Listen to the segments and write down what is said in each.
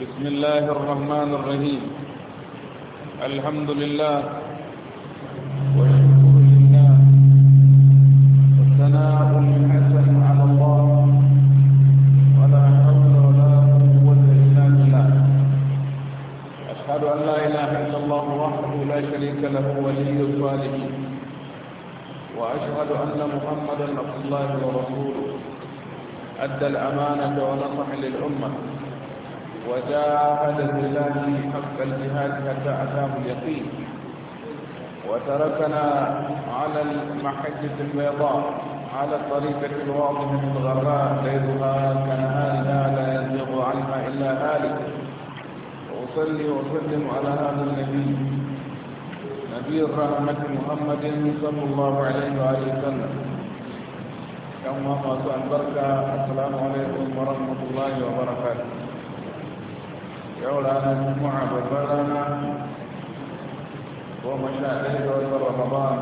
بسم الله الرحمن الرحيم الحمد لله أدى الأمانة ونصح للأمة وجاهد بالله حق الجهاد حتى أتاه اليقين وتركنا على المحجة البيضاء على الطريقة الواضحة الغراء ليلها كنهارها لا يزيغ عنها إلا هالك وأصلي وأسلم على هذا النبي نبي الرحمة محمد صلى الله عليه وآله وسلم yan uwa masu albarka assalamu alaikum wa rahmatullahi wa barakatuh yau ranar juma'a babbar rana goma sha ɗaya ga watan ramadan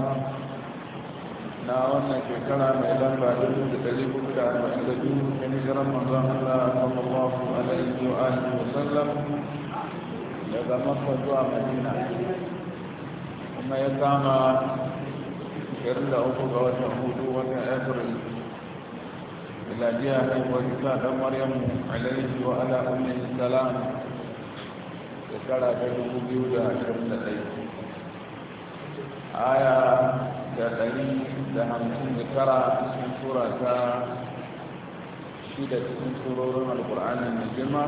na wannan shekara mai lamba dubu da ɗari hudu da arba'in da biyu da hijiran manzon Allah sallallahu alaihi wa alihi wa sallam daga Makka zuwa Madina kuma ya kama 23 ga watan hudu watan April إلى جهة وإساءة مريم عليه وعلى أمه السلام ذكر بينه بيودا شمس آية دهم سنة ذكر اسم سورة شيدة اسم سورة القرآن المجمع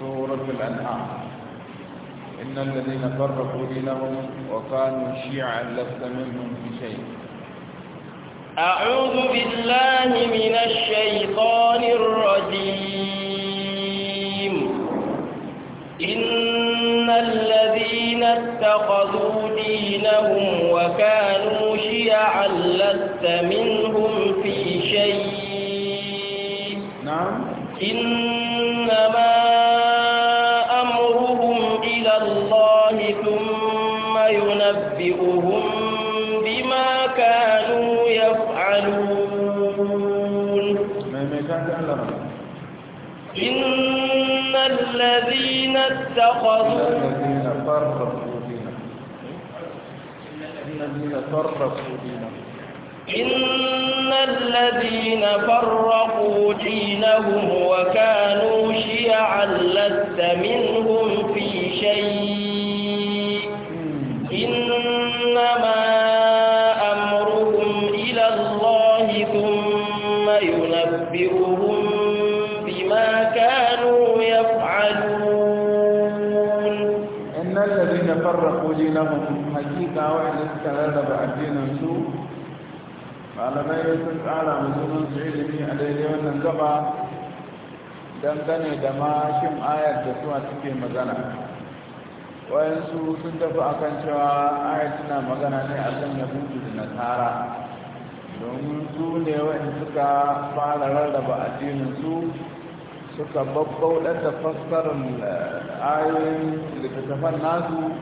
سورة الأنعام إن الذين فرقوا دينهم وكانوا شيعا لست منهم في شيء أعوذ بالله بالله من الشيطان الرجيم إن الذين اتخذوا دينهم وكانوا شيعا لست منهم في شيء نعم اتخذوا الذين فرقوا دينهم إن الذين فرقوا دينهم وكانوا شيعا لست منهم na wa'anda suka rarraba addinin su malamai sun tsara musulun ilimi a daidai wannan gaba dangane da mashin ayar da suwa suke magana wayansu sun tafi akan cewa ayar suna magana ne a kan yahudu da nasara domin su ne wa'in suka fara rarraba addinin suka babbauɗar da fassarar eh, ayoyin littattafan nasu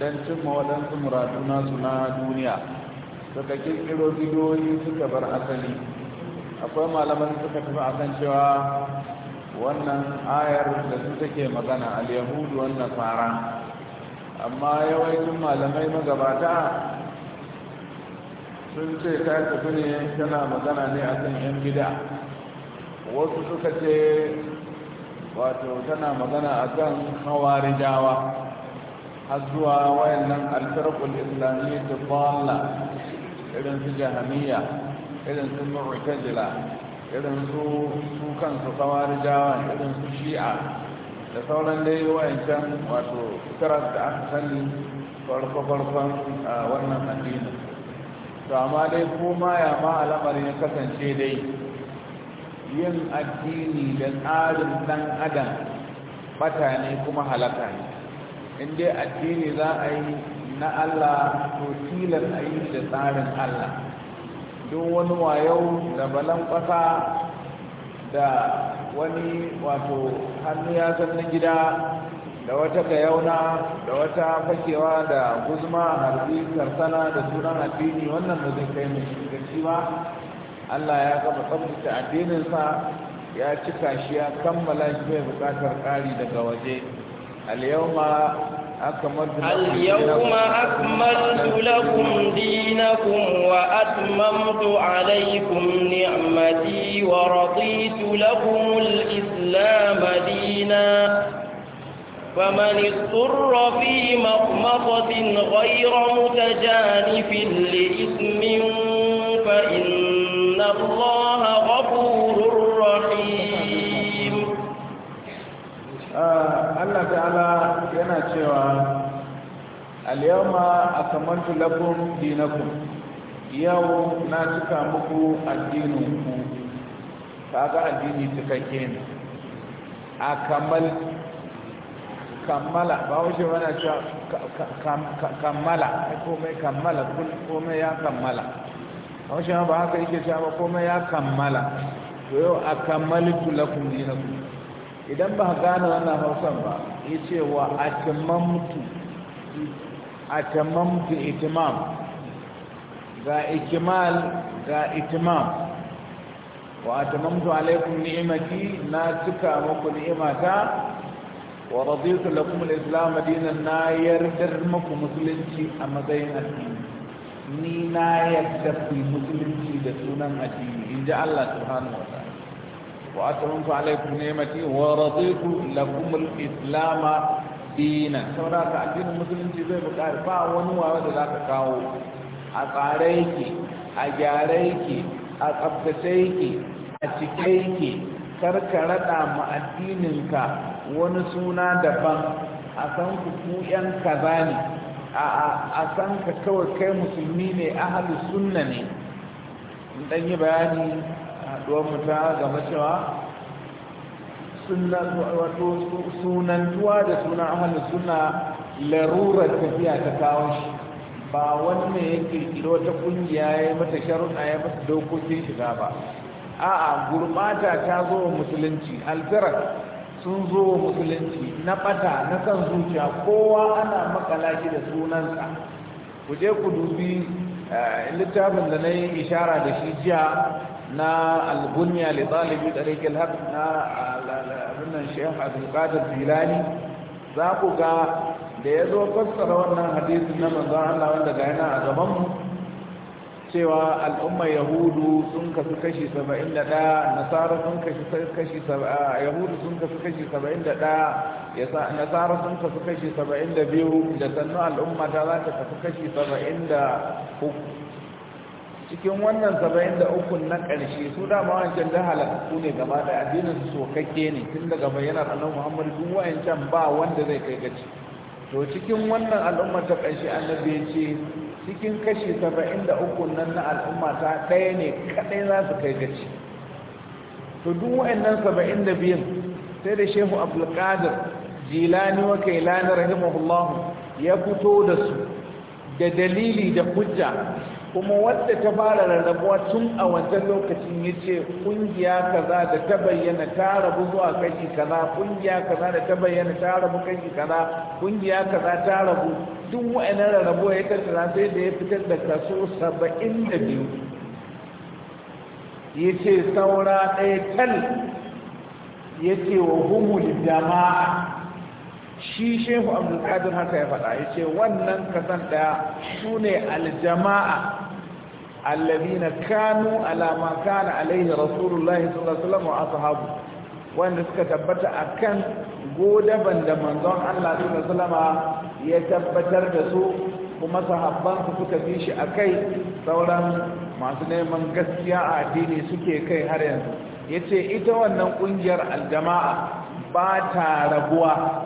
don cimma waɗansu muradu nasu na duniya suka kirkiro bidiyoyi suka bar asali akwai malaman suka tafi a kan cewa wannan ayar da su take magana al-yahudu wannan fara amma yawancin malamai magabata sun ce ta tafi ne tana magana ne a kan 'yan gida wasu suka ce wato tana magana a kan hawarijawa dawa har zuwa wayannan alfarqul islamiyya dalla irin su jahamiya irin su mu'tazila irin su su kansu kawarijawa irin su shi'a da sauran dai wayancan wato fitar da aka sani farko-farkon wannan addinin to amma dai kuma ya ma al'amarin ya kasance dai yin addini da tsarin dan adam bata ne kuma halaka ne in addini za a yi na Allah to tilar a yi da tsarin Allah duk wani wayau da balan ƙasa da wani wato hannu ya san na gida da wata kayauna da wata fakewa da guzma harbi karsana da sunan addini wannan da zai kai mai shigarci ba Allah ya gama tsabtace addininsa ya cika shi ya kammala shi bai bukatar ƙari daga waje اليوم أكملت اليوم أكملت لكم دينكم وأتممت عليكم نعمتي ورضيت لكم الإسلام دينا فمن اضطر في مخمصة غير متجانف لإثم فإن الله غفور رحيم آه. Allah ta'ala yana cewa al-yawma lakum dinakum yau na cika muku addinin ku kaga addini cikakke ne akamal kammala ba wuce wana cewa kammala komai kammala komai ya kammala ba wuce ba haka yake cewa komai ya kammala to yau akamaltu lakum dinakum idan ba gane wannan hausan ba ya ce wa atamamtu atamamtu itimam ga ikimal ga itimam wa a atamamtu alaikum ni'imati na cika muku ni'imata wa raditu lakum al-islam dinan na yardar muku musulunci a matsayin addini ni na yarda ku musulunci da sunan addini inji Allah subhanahu wa ta'ala وأتممت عليكم نعمتي ورضيت لكم الإسلام دينا سورة الدين المسلم زي بكار با ونوا ودا ذاك كاو أقاريكي أجاريكي أقبتيكي أتكيكي karkarada ma addininka wani suna daban a san ku ku yan kaza ne a san ka kawai kai musulmi ne ahalu sunna ne dan yi bayani mu ta gama cewa sunantuwa da sunan ahalin suna larurar tafiya ta kawo shi ba wanne yake ya kirkiro ta kungiya ya yi mata sharuɗa ya mata dokokin shiga ba a'a gurmata ta zo wa musulunci alfirar sun zo wa musulunci na ɓata na kan zuciya kowa ana makala shi da sunansa ku je ku dubi eh, littafin da na yi ishara da shi jiya na albunya li talibi tariqil haq na abinnan sheikh abdul qadir jilani za ku ga da ya zo fassara wannan hadisi na manzon Allah wanda ga yana a gabanmu mu cewa al'umma yahudu sun kasu kashi 71 nasara sun kashi kashi yahudu sun kasu kashi 71 nasara sun kasu kashi 72 da sannu al'umma ta za ta kasu kashi 73 cikin wannan saba'in da uku na ƙarshe su dama wancan da halakku ne gaba da addinin su sokakke ne tun daga bayyanar annabi muhammad duk wayancan ba wanda zai kai gaci to cikin wannan al'ummar ta ƙarshe annabi ya ce cikin kashi saba'in da uku nan na al'umma ta ɗaya ne kaɗai za su kai gaci to duk wayannan saba'in da biyun sai da shehu abdulkadir jilani wa kailani rahimahullahu ya fito da su da dalili da hujja kuma wadda ta fara rarrabuwa tun a wancan lokacin ya ce kungiya kaza da ta bayyana ta rabu zuwa kashi kaza kungiya kaza da ta bayyana ta rabu kashi kaza kungiya kaza ta rabu duk wa'annan rarrabuwa ya tattara sai da ya fitar da kaso saba'in da biyu ya ce saura ɗaya tal ya ce wa humul jama'a shi shehu abdulkadir haka ya faɗa ya ce wannan kasan ɗaya su ne aljama'a na kanu alama kana alaihi rasulullahi sallallahu wa ashabu wanda suka tabbata akan godaban da manzon Allah sallallahu ya tabbatar da su kuma sahabban su suka bi shi akai sauran masu neman gaskiya a addini suke kai har yanzu yace ita wannan kungiyar aljama'a ba ta rabuwa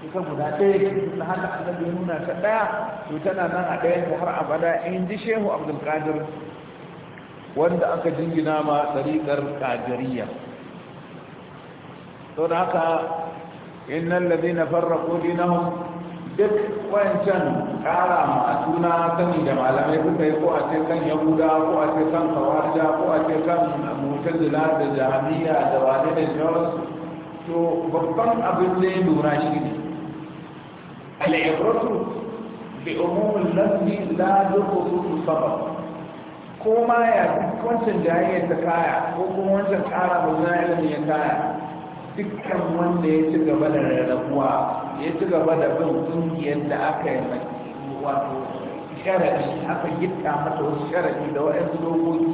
kusan guda ɗaya da haka annabi ya nuna ta ɗaya to tana nan a ɗaya ta har abada in ji shehu abdul qadir wanda aka jingina ma ɗariƙar ƙadiriya to da haka na fara ko dinahun duk wancan ƙara a suna sani da malamai suka yi ko a ce kan yahuda ko a ce kan kawarja ko a ce kan zila da jami'a da wani da shawarsu to babban abin da ya lura shi ne al'ibratu bi umumin lafi la dukutu sabab ko ma ya wancan jayayyar ta kaya ko kuma wancan kara ba zai ya kaya dukkan wanda ya ci gaba da rarrabuwa ya ci gaba da bin kungiyar da aka yi wato sharadi aka gidda mata wasu sharadi da waɗansu dokoki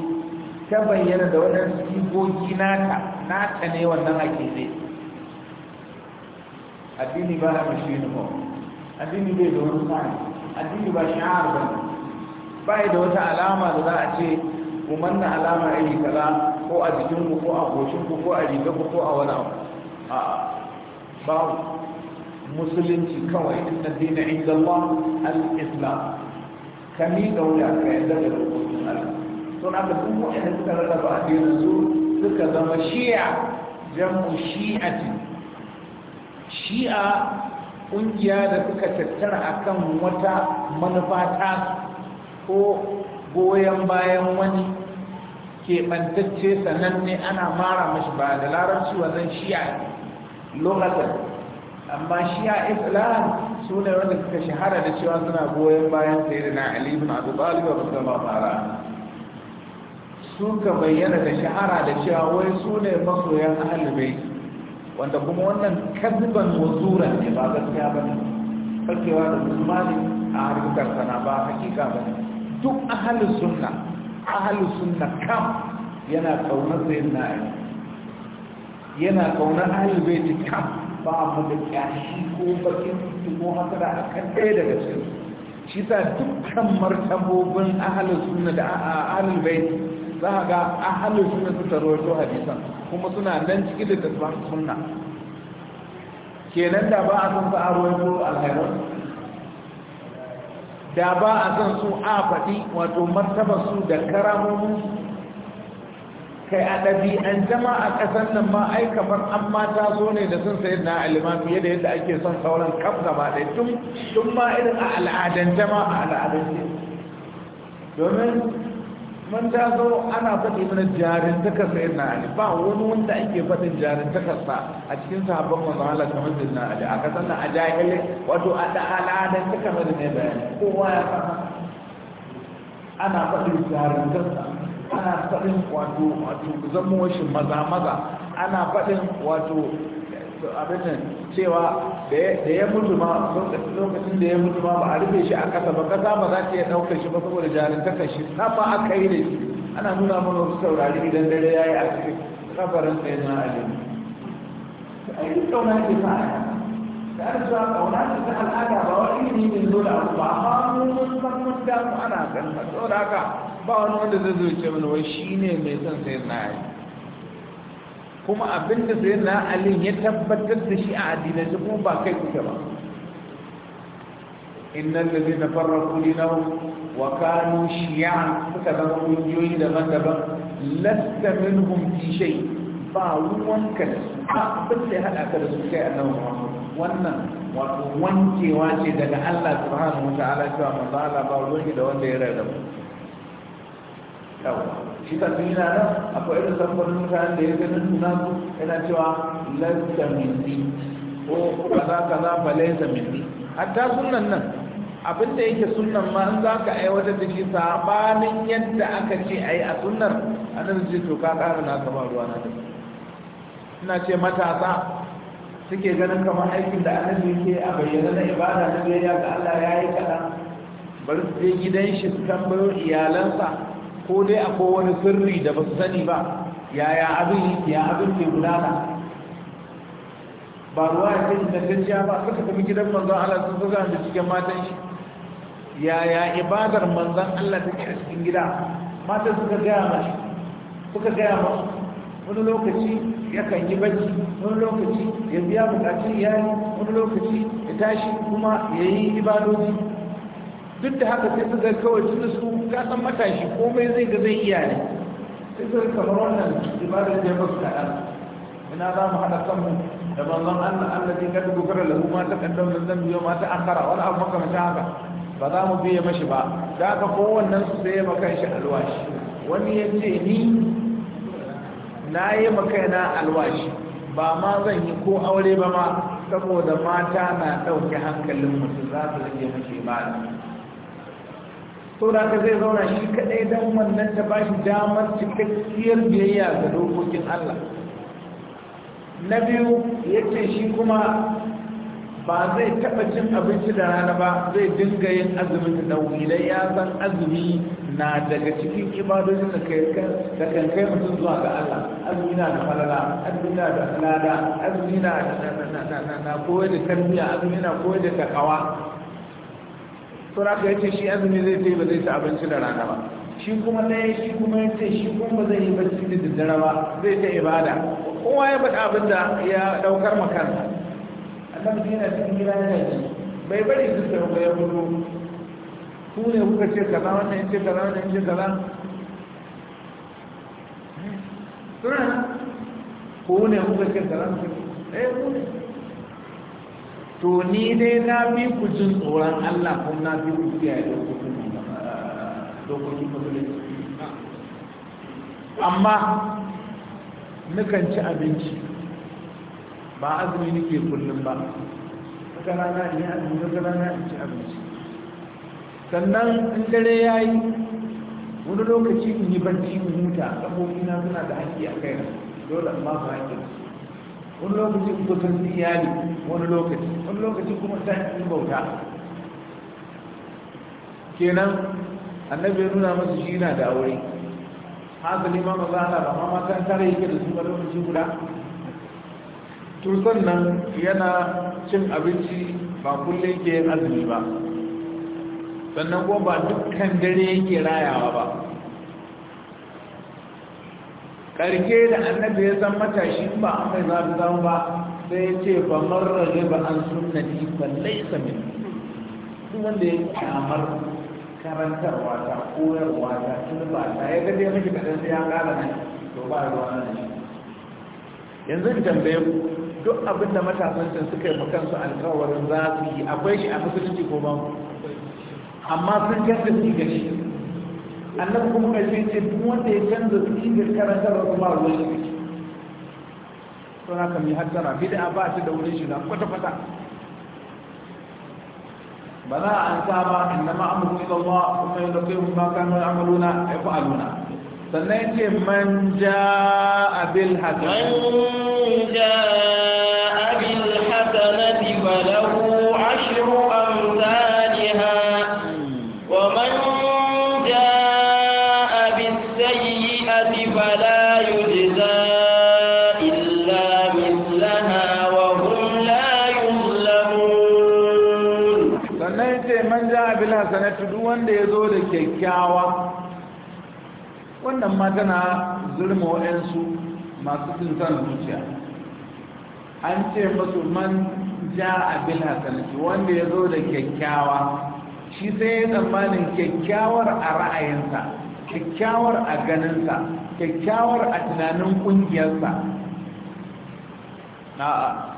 ta bayyana da waɗansu dokoki naka naka ne wannan ake zai addini ba a mashi ne addini bai da wani sani addini ba shi'ar ba ba yi da wata alama da za a ce kuma manna alama iri kaza ko a jikinku ko a goshinku ko a rigarku ko a wani abu a ba musulunci kawai inna dina inda ba al-islam kami da wuya ka yadda da rukun Allah to na ga duk wanda suka rarraba addinin su suka zama shi'a jamu shi'ati shi'a ƙungiya da suka tattara akan wata manufata ko goyon bayan wani keɓantacce sannan ne ana mara mashi ba da larabci wajen shi'a lokacin amma shi'a islam su ne wanda suka shahara da cewa suna goyon bayan sai da na alibin abu ɗalibar musamman fara su ka bayyana da shahara da cewa wai su ne masoyan ahalibai wanda kuma wannan kazban wazuran ne ba gaskiya ba ne fakewa da musulmani a harkar sana ba hakika ba ne duk ahalin sunna ahalin sunna kam yana kaunar sayin na ali yana kaunar ahalin baiti kam ba mu da kyashi ko bakin ko haka da akan ɗaya daga cikin shi duk dukkan martabobin ahalin sunna da ahalin baiti za ga ahalin sunna suka rawaito hadisan kuma suna nan ciki da littattafan sunna kenan da ba a san su a ko alhairar da ba a san su a faɗi wato martabar su da karamomin kai a ɗabi'an jama a ƙasar nan ma ai an mata so ne da sun sayar na alimami fiye da yadda ake son sauran kaf gaba ɗaya tun ma irin a al'adan jama a al'adance domin mun ta zo ana faɗi mana ta kasa na ali ba wani wanda ake faɗin ta kasa a cikin sahabban manzo Allah kamar sai na ali aka na a jahili wato a da aladan ta kamar ne bayani kowa ya san ana faɗin jarintakar ta ana faɗin wato wato zamo shi maza maza ana faɗin wato nan, cewa da ya mutu ma lokacin da ya mutu ma ba a rufe shi a ƙasa ba ƙasa ba za ta iya daukar shi ba saboda jarintakar shi safa aka yi da shi ana nuna mana wasu saurari idan dare ya yi a cikin kafarin sai na alimi a yi ƙauna ke fara da an zuwa ƙauna ce ta al'ada ba wani ne ne zo da abu ba amma mun san mun damu ana ganin saboda haka ba wani wanda zai zo ce mana wai shi ne mai son sai na alimi kuma abin da sai na alin ya tabbatar da shi a addinai, kuma ba kai kuke ba innan da zai na farar kuli na wa kanu shiya suka zama kungiyoyi daban-daban lasta min humti shai ba ruwanka da su ba abin da ya haɗa ka da su kai annabi muhammad wannan wato wankewa ce daga allah subhanahu wa ta'ala cewa manzo allah ba ruwanki da wanda ya rarraba shi ka fi yana nan akwai irin samfanin mutanen da ya ganin nuna su yana cewa laisa minni ko kaza kaza ba laisa minni hatta sunan nan abin da yake sunan ma in za ka aiwatar da shi sabanin yadda aka ce a yi a sunnar da ce to ka kara na kama ruwa na da ina ce matasa suke ganin kamar aikin da annabi yake a bayyana na ibada na biyayya ga Allah ya yi kaɗan bari su je gidan shi su tambayo iyalansa ko dai akwai wani sirri da ba su sani ba yaya abin ya abin ke gudana ba ruwa ya kai ingantacciya ba suka tafi gidan manzan Allah sun zuga da cikin matan shi yaya ibadar manzan Allah ta a cikin gida matan suka gaya mashi suka gaya masu wani lokaci yakan yi bacci wani lokaci ya biya bukatun iyali wani lokaci ya tashi kuma ya yi ibadoji duk da haka sai su ga kawai tun su ka san matashi komai zai ga zai iya ne sai su kamar wannan ibadar da ya basu kaɗan ina za mu haɗa kanmu da manzon Allah Allah zai kada dogara lahu ma ta kaddam da zan biyo ma ta akara wani abu makamata haka ba za mu biye mashi ba da haka kowannen su sai ya maka shi alwashi wani ya ce ni na yi maka na alwashi ba ma zan yi ko aure ba ma saboda mata na ɗauke hankalin mutum za su rage mashi ba. to da ka zai zauna shi kaɗai don wannan ta ba shi damar cikakkiyar biyayya ga dokokin Allah na biyu ya ce shi kuma ba zai taɓa cin abinci da rana ba zai dinga yin azumin da wulai ya san azumi na daga cikin ibadojin da kan kai mutum zuwa ga Allah azumi na da falala azumi na da lada azumi na koyar da tarbiyya azumi na koyar da takawa saura ka yace shi azumi zai ce ba zai ci abinci da rana ba shi kuma na yi shi kuma ya ce shi kuma ba zai yi barci da daddare ba zai ta ibada kowa ya faɗa abin da ya ɗaukar makansa annabi yana cikin gida ya ce bai bari su ta ba ya gudu ku ne kuka ce kaza wannan yace kaza wannan yace kaza suna hmm. ku ne kuka ce kaza wannan eh kaza ne to ni dai na bi ku jin tsoron Allah kuma na bi ku kiyaye dokokin musulunci amma nukan ci abinci ba azumi nake kullum ba wata rana in a azumi wata rana in ci abinci sannan in dare ya yi wani lokaci in yi barci in huta ƙafofina suna da haƙƙi a kaina dole amma ba su wani lokaci kusan iyali wani lokaci wani lokaci kuma sa'in bauta kenan annabi ya nuna masu shi na da aure haka ne ma za a ba ma matan tare yake da su ba lokaci guda tursan nan yana cin abinci ba kullum yake yin azumi ba sannan kuma ba dukkan dare yake rayawa ba karke da annabi ya san matashi ba an mai zafi zama ba sai ya ce ba ne ba an ni ba laisa min duk wanda ya kamar karantarwa ta koyarwa ta ba ta ya gaje miki kadan sai ya kara nan to ba ruwa nan yanzu in tambaye ku duk abin da matasan sun suka yi su alkawarin za su yi akwai shi a musulunci ko ba amma sun kasa su ga shi annabi kuma kashe ce duk wanda ya canza sigar karantarwa kuma ruwan shi ne don haka mai hattara bid'a ba ta da wurin shiga kwata-kwata ba za a an ba, innama amuru ila Allah kuma yau da kai mun baka mun amaluna ay fa'aluna sannan yace man jaa bil hasan man jaa kyakkyawa wannan ma tana zurma waɗansu masu tuntar zuciya an ce masu man ja abin hasanci wanda ya zo da kyakkyawa shi sai ya tsammanin kyakkyawar a ra'ayinsa kyakkyawar a ganinsa kyakkyawar a tunanin ƙungiyarsa na'a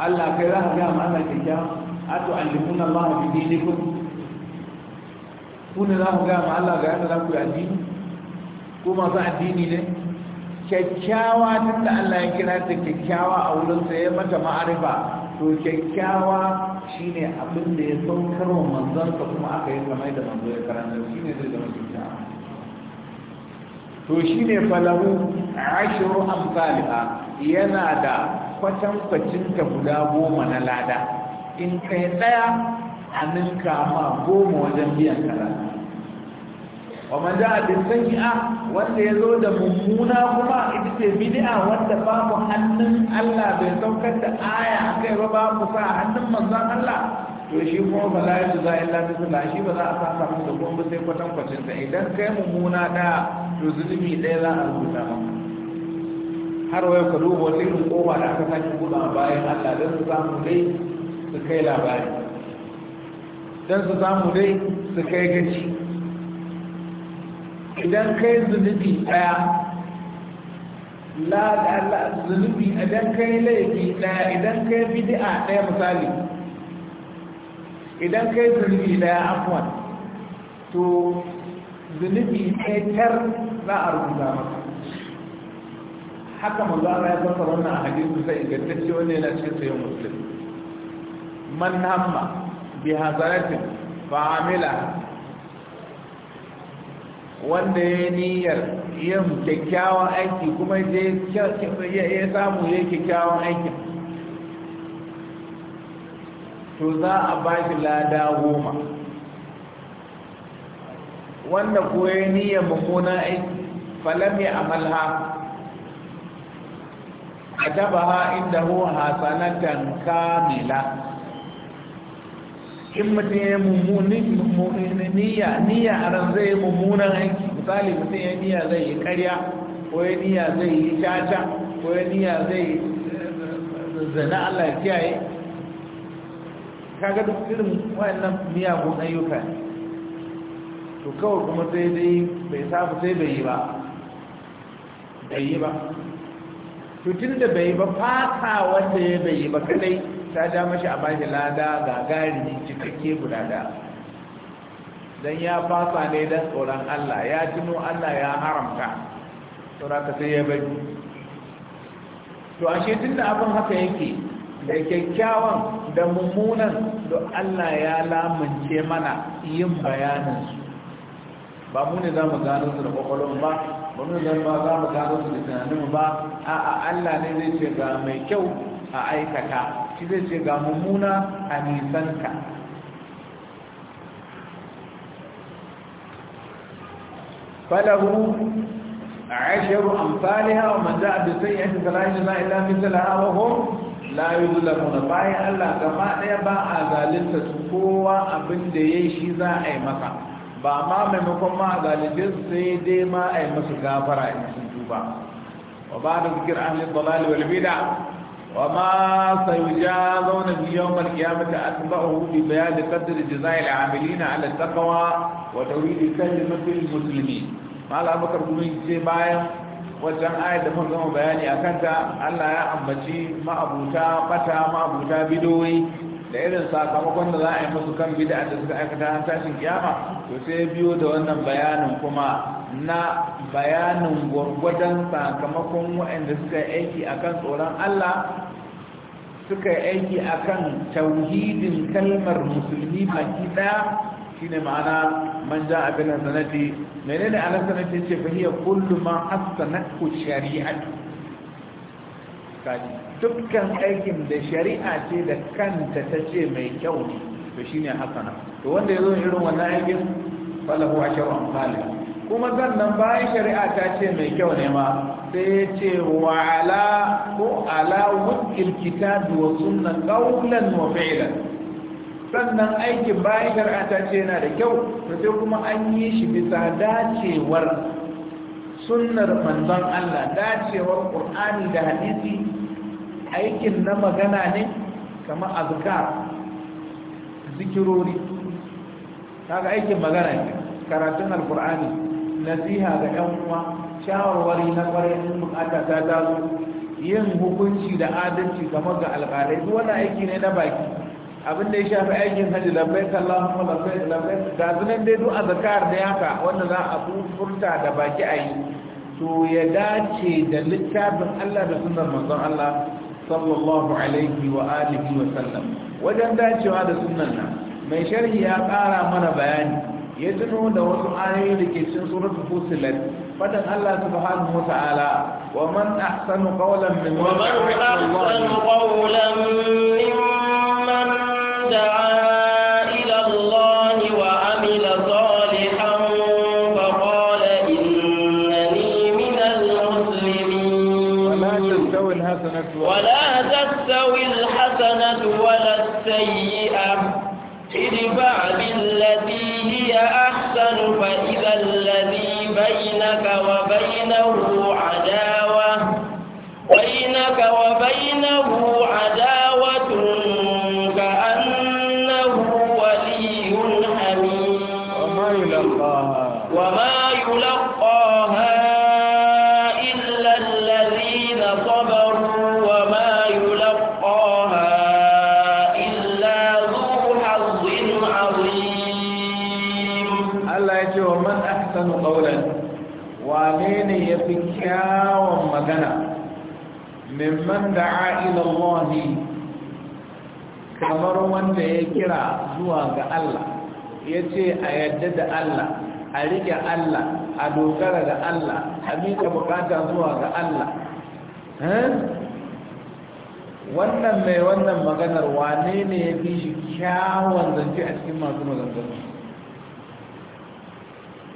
Allah kai za ka gama ana kyakkyawa a to allifin Allah bi dinikum ku ne za ku gaya ma Allah ga yadda za ku yi addini ko masu addini ne kyakkyawa tun da Allah ya kira ta kyakkyawa a wurinsa ya mata ma'arifa to kyakkyawa shine abin da ya saukar wa manzansa kuma aka yi kamar da manzo ya karanta shine zai zama kyakkyawa to shine falahu ashru amsalha yana da kwatankwacin ta guda goma na lada in kai daya a ninka ma goma wajen biyan karatu wa man ja'a bi sayyi'a wanda zo da mummuna kuma ita ce bidi'a wanda babu hannun Allah bai saukar da aya kai ba babu sa hannun manzon Allah to shi kuma ba za ya za illa bismillah shi ba za a saka da kuma sai kwatan kwacin sa idan kai mummuna da to zulumi ɗaya za a rubuta ba. har wai ka duba wani irin kowa da aka sake a bayan Allah don su samu dai su kai labari don su samu dai su kai gaci idan kai zunubi ɗaya zunubi idan kai laifi ɗaya idan kai a ɗaya misali idan kai zunubi ɗaya afwan to zunubi ɗaitar za a rubuta maka haka mazara ya fasa wannan a hadisu sai ingantacce wani yana cikin sayan musulmi man hamma bi hazaratin fa'amila wanda ya niyyar yin kyakkyawan aiki kuma ya samu ya kyakkyawan aikin to za a ba shi lada goma wanda ko ya niyyar mummunan aiki a taba ha inda hu hasanatan kamila in mutum ya yi niyya niyya a ran zai yi mummunan aiki misali mutum ya niyya zai yi karya ko ya niyya zai yi caca ko ya niyya zai eh, zana Allah ya kiyaye kaga duk irin wayannan miyagun ayyuka to kawai kuma sai dai bai samu sai bai yi ba bai yi ba to tun da bai yi ba fata wanda ya bai yi ba kadai ta ja mashi a bashi lada ga gari cikakke guda da don ya fasa ne don tsoron Allah ya tuno Allah ya haramta ka sai ya bari to ashe tun da abin haka yake da kyakkyawan da mummunan da Allah ya lamunce mana yin bayaninsu ba mu ne za mu gano su da kwakwalon ba ba mu ne za mu gano su da tunanin ba a'a Allah ne zai ce ga mai kyau a aikata shi zai ce ga mummuna a nisanta falahu asharu amsalha wa man za'a bi sayyi'atin fala yajza illa mithlaha wa hum la yuzlamuna bayan Allah gaba daya ba a zalunta su kowa abin da yayi shi za a yi masa ba ma maimakon ma a zalunce su sai dai ma a yi musu gafara in sun tuba wa ba da zikir ahli dalal wal bid'a وما سيجازون في يوم القيامة أتبعه ببيان قدر جزاء العاملين على التقوى وتوحيد كلمة المسلمين ما لا بكر من سيبايا wajen ayat da mun gama bayani a kanta Allah ya ambaci ma'abuta bata ma'abuta bidoyi da irin sakamakon da za a yi musu kan bid'a da suka aikata tashin kiyama to sai biyo da wannan bayanin kuma na bayanin gwargwadon sakamakon waɗanda suka aiki akan tsoron Allah suka aiki akan tauhidin kalmar musulmi baki daya shine ma'ana man ja abin sanati menene alan sanati ce fa hiya kullu ma ku shari'atu kaji dukkan aikin da shari'a ce da kanta ta ce mai kyau ne to shine hasana to wanda yazo irin wannan aikin falahu asharu amsalih kuma sannan bayan shari'a ta ce mai kyau ne ma sai ya ce wa ala ko ala wukil kitabi wa sunna qawlan wa fi'lan sannan aikin bayan shari'a ta ce yana da kyau to sai kuma an yi shi bisa dacewar sunnar manzon Allah dacewar Qur'ani da hadisi aikin na magana ne kama azkar zikirori kaga aikin magana ne karatun alqur'ani nasiha ga ɗan uwa shawarwari na kwarai in bukata ta taso yin hukunci da adalci game ga alƙalai duk wani aiki ne na baki abin da ya shafi aikin hajji labbai kallahu labbai labbai ga zunan dai duk azkar da yaka wanda za a furta da baki a yi to ya dace da littafin Allah da sunan manzon Allah sallallahu alaihi wa alihi wa sallam wajen dacewa da sunan nan mai sharhi ya ƙara mana bayani ya tuno da wasu ayoyi da ke cikin suratul fusilat fadan Allah subhanahu wa ta'ala wa man ahsanu qawlan min wa man ahsanu qawlan mimman da'a بينك وبينه mimman da'a ila kamar wanda ya kira zuwa ga Allah yace a yadda da Allah a rike Allah a dogara da Allah a miƙa bukata zuwa ga Allah wannan mai wannan maganar wane ne ya fi shi kyawun zance a cikin masu maganganu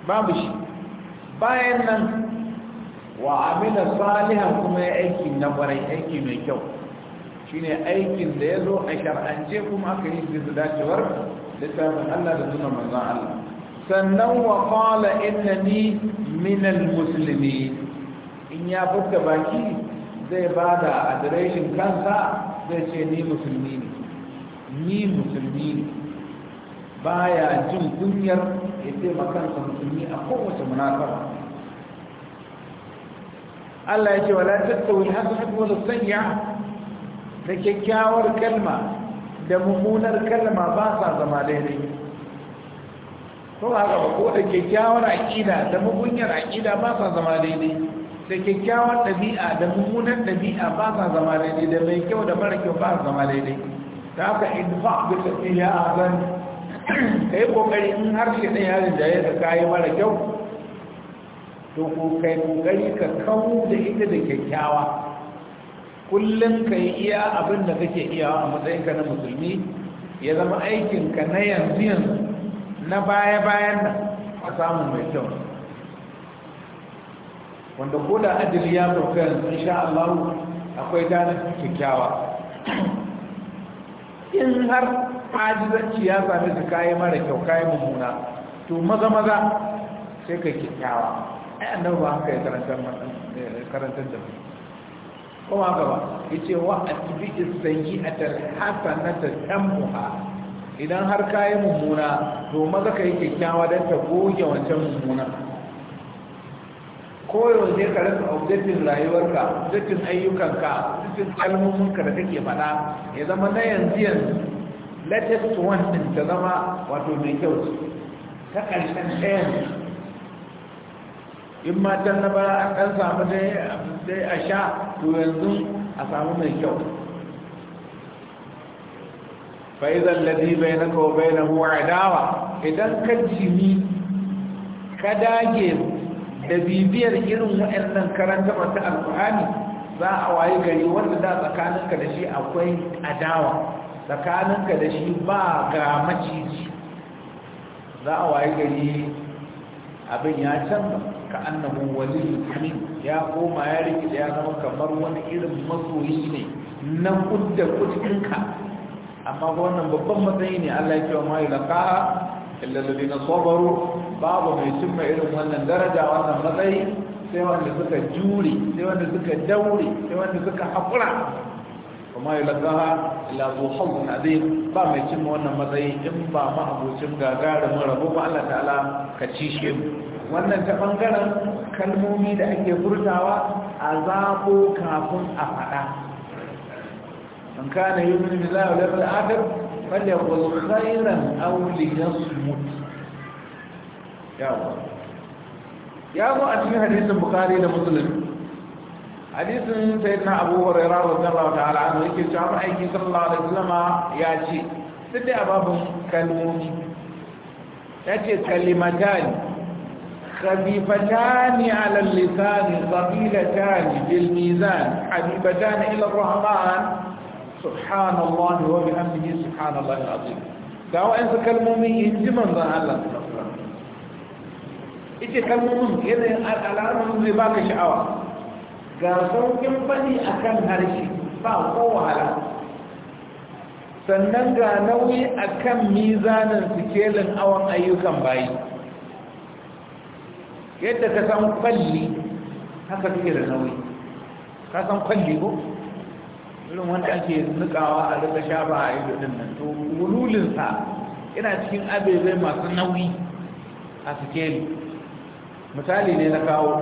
babu shi bayan nan wa amila salihan kuma ya aiki na kwarai aiki mai kyau shine aikin da ya zo a shar'ance kuma aka yi su dacewar littafin Allah da suna maza Allah sannan wa qala ni minal musulmi. in ya fuska baki zai ba da adireshin kansa zai ce ni musulmi ne ni musulmi ne Ba ya jin kunyar ya ce makansa musulmi a kowace munafara Allah ya ce wala tattawi haka wala sanya da kyakkyawar kalma da mummunar kalma ba sa zama daidai ko haka ba ko da kyakkyawar aƙida da mummunar aƙida ba sa zama daidai da kyakkyawar ɗabi'a da mummunar ɗabi'a ba sa zama daidai da mai kyau da mara kyau ba sa zama daidai ta haka idfa bi tafiya azan kai kokari in harshe ɗaya da ya ka yi mara kyau to ko kai kokari ka kawo da ita da kyakkyawa kullum ka yi iya abin da kake iya a matsayinka na musulmi ya zama aikinka na yanzu yanzu na baya-bayan nan a samun mai kyau wanda ko da ajiyar ya sauka yanzu insha Allah akwai ganin kyakkyawa in har ajizanci ya sami su kayi mara kyau kayi mummuna to maza-maza sai ka kyakkyawa ai annabi ba haka ya karantar karantar da kuma haka ba yace wa atbi'is sayyi'atal hasanata tamha idan har kayi mummuna to maza ka yi kyakkyawa don ta goge wancan mummuna koyo ne ka rasa objectin rayuwarka objektin ayyukanka objektin kalmominka da kake faɗa ya zama na yanzu yanzu latest one din ta zama wato mai kyau ta ƙarshen ɗaya. in matan na bara an samu dai a sha to yanzu a samu mai kyau fa'izan ladi bai na kawai na huwa adawa idan ka jimi ka dage da bibiyar irin waɗannan karanta mata alfahani za a wayi gari wanda da tsakaninka da shi akwai adawa tsakaninka da shi ba ga maciji za a wayi gari abin ya canza ka annahu waliyyun hamid ya koma ya rike ya zama kamar wani irin masoyi ne na kudda kudin ka amma wannan babban matsayi ne Allah ya ce wa mai laqa illa alladhina sabaru babu mai cimma irin wannan daraja wannan matsayi sai wanda suka jure sai wanda suka daure sai wanda suka hakura kuma ya lagaha ila zo hawan azim ba mai cimma wannan matsayi in ba ma abocin gagarumin rabo ba Allah ta'ala ka ci shi wannan ta ɓangaren kalmomi da ake furtawa a zaɓo kafin a faɗa ka na yi mini bilawa da al'adar wadda kulkhairan auliyar smut yawa ya zo a cikin hadisin bukari da musulun hadisin sai na abubuwar ya rarar zama da al'adu yake cewa aiki sallallahu alaihi zama ya ce duk da ababin kalmomi ya ce kalimatani خفيفتان على اللسان ثقيلتان في حبيبتان إلى الرحمن سبحان الله وبحمده سبحان الله العظيم دعوا أن تكلموني إنجما ذا الله ita kalmomin yin al'adun zai baka sha'awa ga saukin fadi a kan harshe ba ko wahala sannan ga nauyi a kan mizanin sikelin awon ayyukan bayi yadda ka san kwalli haka suke da nauyi ka san kwalli ko irin wanda ake nukawa a rika shafa a ido din nan to wululinsa yana cikin abebe masu nauyi a sikeli misali ne na kawo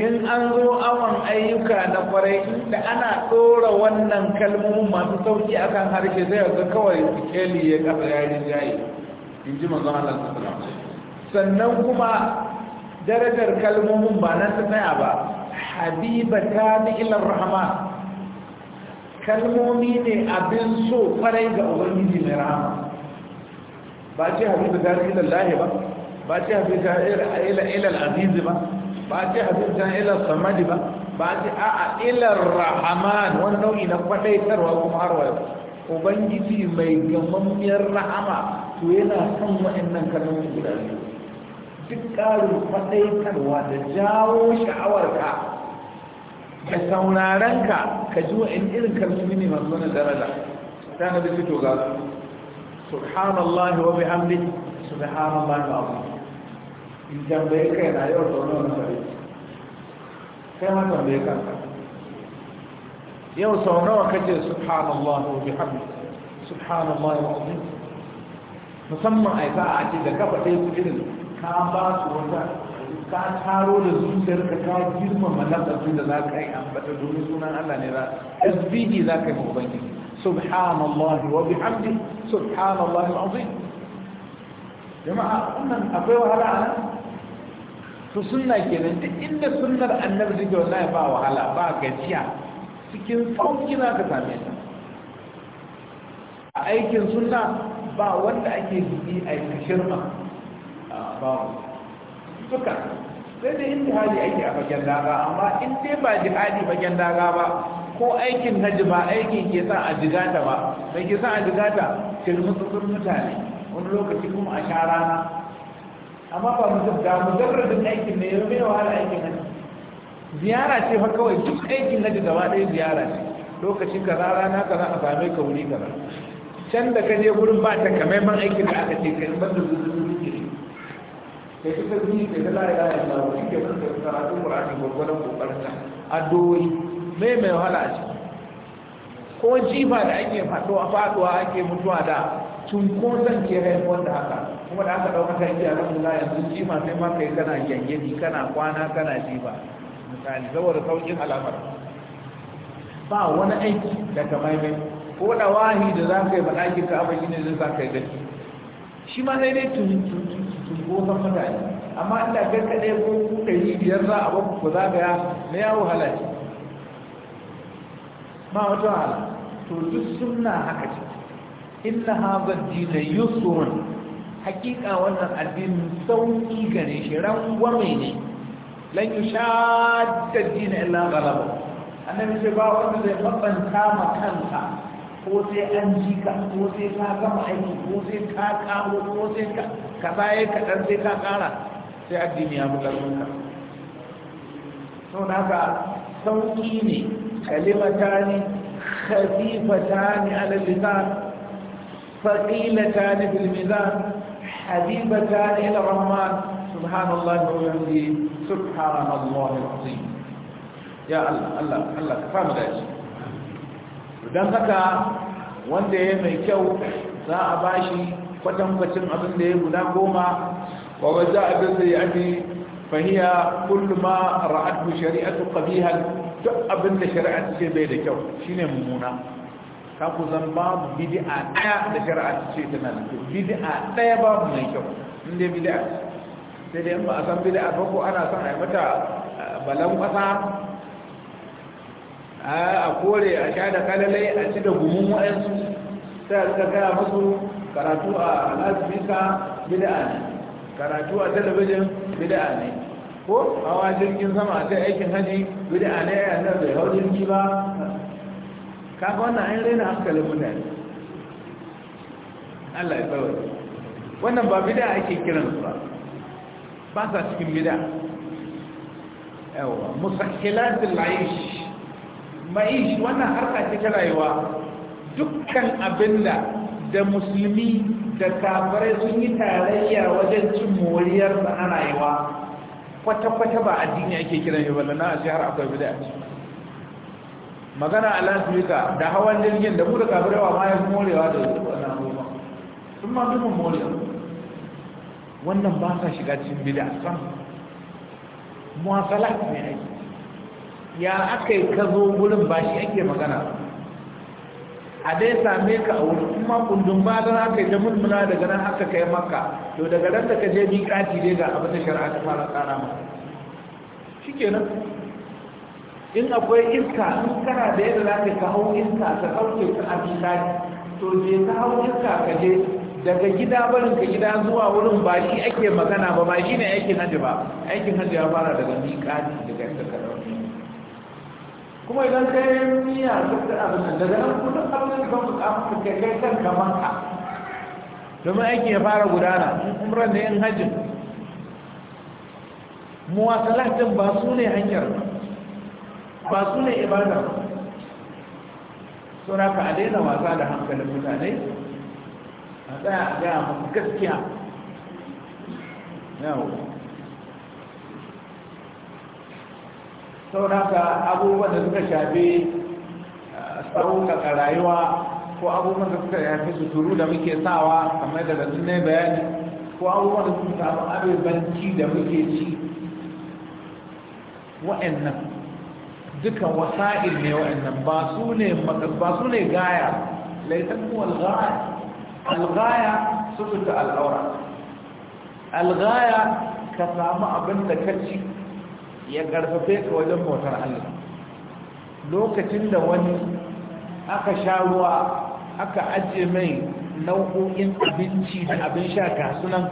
in an zo awon ayyuka na kwarai da ana ɗora wannan kalmomin masu sauki akan harshe zai ga kawai sikeli ya kasa yari jayi in ji manzon Allah sallallahu alaihi sannan kuma darajar kalmomin ba na tsaya ba habibata ni ilar rahama kalmomi ne abin so kwarai ga ubangiji mai rahama ba ce habibata ni ilar lahi ba ba ce habibata ilar azizi ba ba ce habibata ilar samadi ba ba ce a'a ilar rahaman wani nau'i na kwadaitarwa kuma har wayo ubangiji mai gamammiyar rahama to yana son wa'annan kalmomin guda biyu duk ƙarin faɗaitarwa da jawo sha'awarka da saurarenka ka ji wa'in irin kalmomi ne masu wani daraja ta na da fito ga su subhanallah wa bihamdi subhanallah wa abu in tambaye ka yana yau da wani wani sare kai ma tambaye ka yau sau nawa kace subhanallah wa bihamdi subhanallah wa abu musamman aika a ce da kafa ɗaya su irin ka ba su wata ka taro da zuciyar ka girmama lafazin da za ka yi ambata domin sunan Allah ne ra asbihi za ka yi ubangiji subhanallahi wa bihamdi subhanallah alazim jama'a wannan akwai wahala a nan to sunna kenan duk inda sunnar annabi take wallahi ba wahala ba gajiya cikin sauki za ka same ta a aikin sunna ba wanda ake yi a yi shirma babu sai da yin jihadi aiki a fagen daga amma in dai ba jihadi fagen daga ba ko aikin hajji ba aikin ke sa a jigata ba mai ke sa a jigata tilmutsutsun mutane wani lokaci kuma a sha rana amma ba mu da aikin ne ya mai wahala aikin hajji ziyara ce fa kawai duk aikin hajji gaba ɗaya ziyara ce lokaci na rana za a same ka wuri can da ka je gurin ba ta kamaiman aikin da aka ce kai ban da zuzuzu ya fi sabbi ke ta la'ila ya lawo shi ke mun da karatu murani gwagwadon a doyi mai mai wahala a ciki ko jifa da ake faɗuwa faɗuwa ake mutuwa da cunkoson ke haifuwar da haka kuma da aka ɗaukaka kai a kan da yanzu jifa sai ma kai kana gyangyani kana kwana kana jifa misali saboda sauƙin alamar ba wani aiki daga maimai ko da wahi da za ka yi ba ɗakin ka abin ne zan za ka yi gaci shi ma sai dai tuntun su tsohon mutane amma ina garka ko kuka yi biyar za a baku ku zagaya na yawo halarci ma wata hala to duk suna haka ce inna hazar dina yusurun hakika wannan addinin sauƙi gane shi mai ne lan yi shaddar dina illa galaba annabi ce ba wanda zai matsanta ma kansa ko sai an ji ka ko sai ka gama aiki ko sai ka karo ko sai ka ka baya kaɗan sai ka ƙara sai addini ya fi ƙarfinka sau da haka sauƙi ne kalimata ne khafifata ne alalisa faƙilata ne filmiza habibata ne rahman subhanallah wa bihamdihi subhanallah al-azim ya allah allah allah ka fara da shi don haka wanda ya mai kyau za a ba shi kwatankwacin abin da ya guda goma wa wajen abin da ya abi fahiya kullum ma ra'adu shari'atu qabihal duk abin da shari'a ce bai da kyau shi ne mummuna ka ku zan babu bid'a daya da shari'a ce tana da kyau ɗaya ba mu mai kyau inda bid'a sai dai in ba a san bid'a ba ko ana son a yi mata eh, balan kasa a kore a sha da kalalai a ci da gumin wa'ansu sai a suka gaya musu karatu a lasbika bida'a ne karatu a talabijin bida'a ne ko hawa jirgin sama a kai aikin haji bida'a ne a yanar da hau jirgi ba kafa wannan an raina hankalin mutane Allah ya tsawar wannan ba bida'a ake su ba ba sa cikin bida'a yawa musakkilatul aish ma'ish wannan harka ce ta rayuwa dukkan abinda da musulmi da kafirai sun yi tarayya wajen cin moriyar da a rayuwa kwata-kwata ba addini ake kiran shi balla na a har akwai bida magana a lafiyuka da hawan jirgin da mu da kafirai wa ma ya morewa da wannan abubuwa sun ma dukkan moriya wannan ba sa shiga cikin bida sam muwasalat ne ake ya aka yi ka zo wurin ba shi ake magana a dai same ka a wurin kuma kundin ba zan aka yi ta mulmula daga nan haka kai maka to daga nan da ka je kati dai ga abin da shari'a ta fara tsara ma shi kenan in akwai iska in kana da yadda za ka hau iska ka kauce ka a miƙaci to je ka hau iska ka je daga gida barin ka gida zuwa wurin ba shi ake magana ba ba shi ne aikin hajji ba aikin hajji ya fara daga miƙaci daga yadda ka kuma idan ka yi miya duk da abin nan daga nan kuma duk abin da kan bukamu ka kai kan kaman ka domin aiki ya fara gudana in umran da yin hajjin muwasalatin ba su ne hanyar ba su ne ibada suna ka a wasa da hankalin mutane a tsaya a gaya gaskiya yawo sauraka abubuwan da suka shafi eh, sauƙaƙa rayuwa ko abubuwan da suka shafi suturu da muke sawa kamar da rasu ne bayani ko abubuwan da suka samu abubanci da muke ci wa'annan dukan wasa'il ne wa'annan ba su ne gaya laitan mu algaya. ghaya al-ghaya sutu al ka samu abin da ka ci ya karfafe ka wajen bautar Allah lokacin da wani aka sha ruwa aka ajiye mai nau'o'in abinci da abin sha ga sunan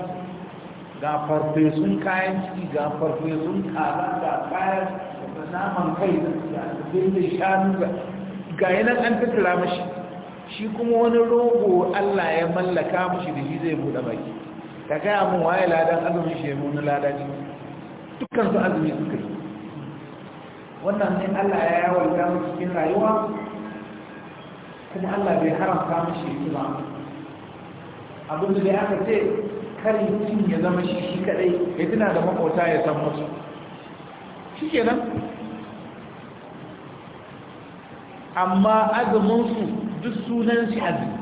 ga farfesun kayan ciki ga farfesun kara ga kayan naman kai da birnin shanu ga yanar an tattara mashi shi kuma wani rogo Allah ya mallaka mashi da shi zai buɗe baki ta gaya mun waye ladan azumin shi ya muni ladan ciki dukkan su azumi suka yi wannan ne Allah ya da damu cikin rayuwa kuma Allah bai haramta mashi shi ba Abin da aka ce kar mutum ya zama shi shi kadai ya tuna da makota ya san musu shi nan. amma azuminsu duk sunan shi azumi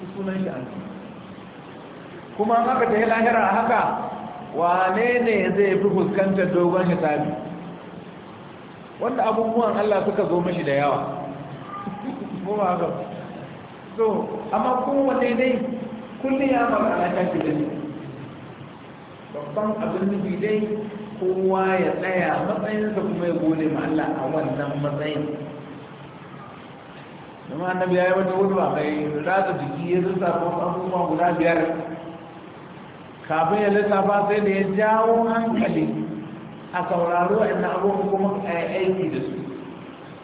duk sunan shi azumi kuma haka ta yi lahira haka wane ne zai fi fuskantar dogon hisabi wanda abubuwan Allah suka zo mashi da yawa kuma haka so amma kowane dai kulle ya fara alaƙa shi da babban abin nufi dai kowa ya tsaya matsayinsa kuma ya gode ma Allah a wannan matsayin zama annabi ya yi wata hudu a kai jiki ya zuta kuma abubuwa guda biyar kafin ya lissafa sai da ya jawo hankali a sauraro wa'annan abubuwan kuma a aiki da su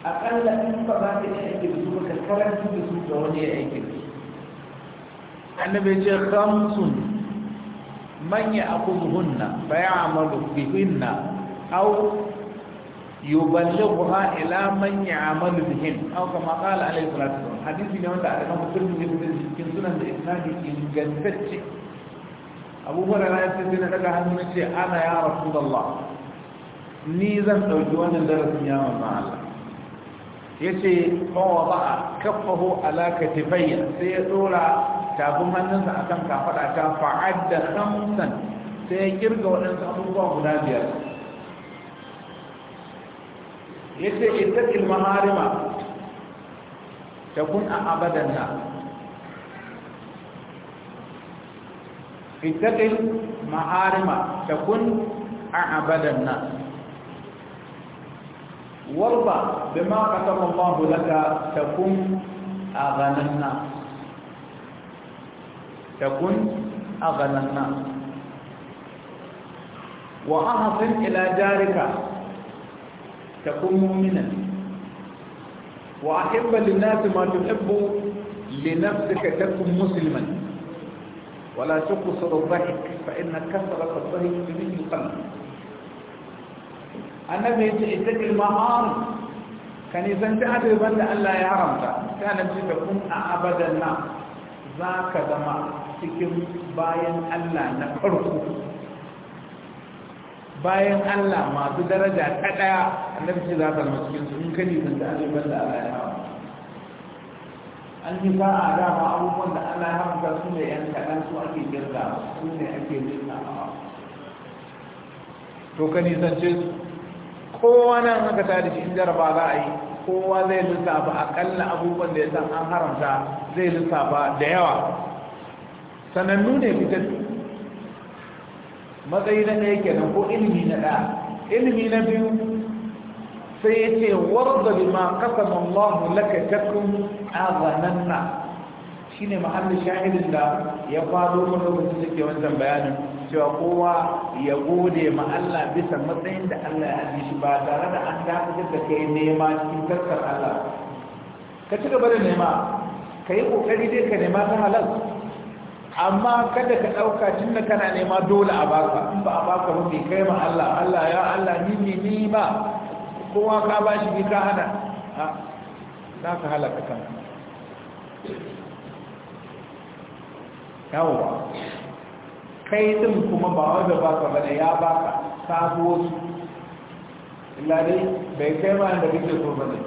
a aƙalla in ba za ka yi aiki da su ba ka karanta da su ga wani ya aiki da su annabi ce khamsun man ya'khudhunna fa ya'malu bihinna aw yuballighuha ila man ya'malu bihin aw kama qala alayhi salatu wasallam hadisi ne wanda a kuma mutum ne da cikin sunan da isnadi ingantacce abu hurairah ya ce sai na daga hannu na ce ana ya rasulullah ni zan ɗauki wannan darasin ya mamma Allah yace fawa ba'a kaffahu ala katifayya sai ya dora tafin hannunsa akan kafaɗa ta fa'adda khamsan sai ya kirga waɗansu abubuwa guda biyar yace ittaqil maharima takun a abadan nas في تقل محارمة تكون أعبد الناس وربا بما قتم الله لك تكون أغنى الناس تكون أغنى الناس وأحصن إلى جارك تكون مؤمنا وأحب للناس ما تحب لنفسك تكون مسلما ولا تقصر الضحك فإن كثرة الضحك تميت القلب annabi ya ce ittaqil mahar ka ta adirban da Allah ya haramta ta nabi da kun a abadan na za ka zama cikin bayan Allah na farko bayan Allah masu daraja ta daya annabi ce za ka zama cikin su in ka ta adirban da Allah ya haramta an fi ba a dama abubuwan da ana ya haramta su ne yan kaɗan su ake jirga su ne ake jirga to ka nisance su kowa nan haka ta da shi in za a yi kowa zai lissafa akalla abubuwan da ya san an haramta zai lissafa da yawa sanannu ne fitar matsayi na ɗaya nan, ko ilimi na ɗaya ilimi na biyu sai ya ce warda bima qasama Allahu laka takum azananna shine mahallin shahidin da ya fado mun lokacin da ke wannan bayanin cewa kowa ya gode ma Allah bisa matsayin da Allah ya haɗi shi ba tare da an dakatar da kai nema cikin tarkar Allah ka ci gaba da nema ka yi ƙoƙari dai ka nema ta halal amma kada ka ɗauka tun da kana nema dole a baka in ba a baka ba kai ma Allah Allah ya Allah ni ni ni ba kowa ka ba shi ka hana a za ka halaka kan yawwa kai din kuma ba wanda ka bane ya baka sabo su illa bai kai ma da kake so bane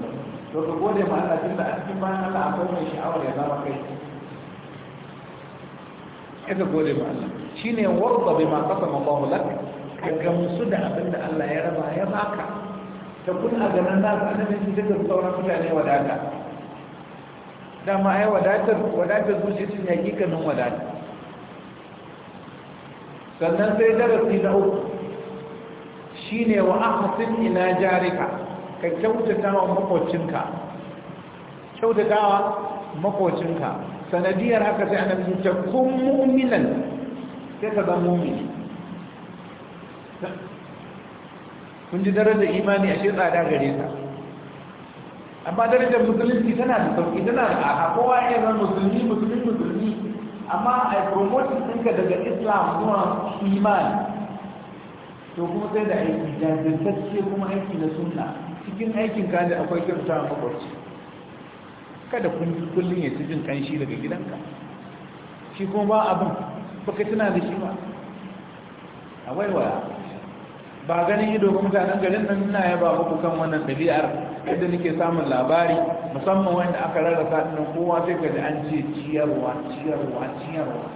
to ka gode ma Allah tunda a cikin bayan Allah akwai mai sha'awar ya zama kai sai ka gode ma Allah shine warda ma qasama Allah lafi ka gamsu da abinda Allah ya raba ya ka ta kun a ganin ana annabi shi daga sauran mutane wadata dama ai wadatar wadatar zuciya cin hakikanin wadata sannan sai darasi na uku shi ne wa ahsin ina jarika ka kyautata wa makocinka kyautata wa makocinka sanadiyar haka sai annabi ta kun mu'minan sai ka zama mu'mini kun ji darajar imani a shirya da gare ta amma darajar musulunci tana da sauki tana da a kowa ya zama musulmi musulmi musulmi amma a yi promotin ɗinka daga islam zuwa imani to kuma sai da aiki jajirtacce kuma aiki na sunna cikin aikin ka da akwai kyauta a makwabci kada kun kullum ya ci jin kanshi daga gidanka shi kuma ba abin baka tuna da shi ba a waiwaya ba ganin ido mutanen garin nan ina yaba muku kan wannan dabi'ar yadda nake samun labari musamman wanda aka rarrasa nan kowa sai ka ji an ce ciyarwa ciyarwa ciyarwa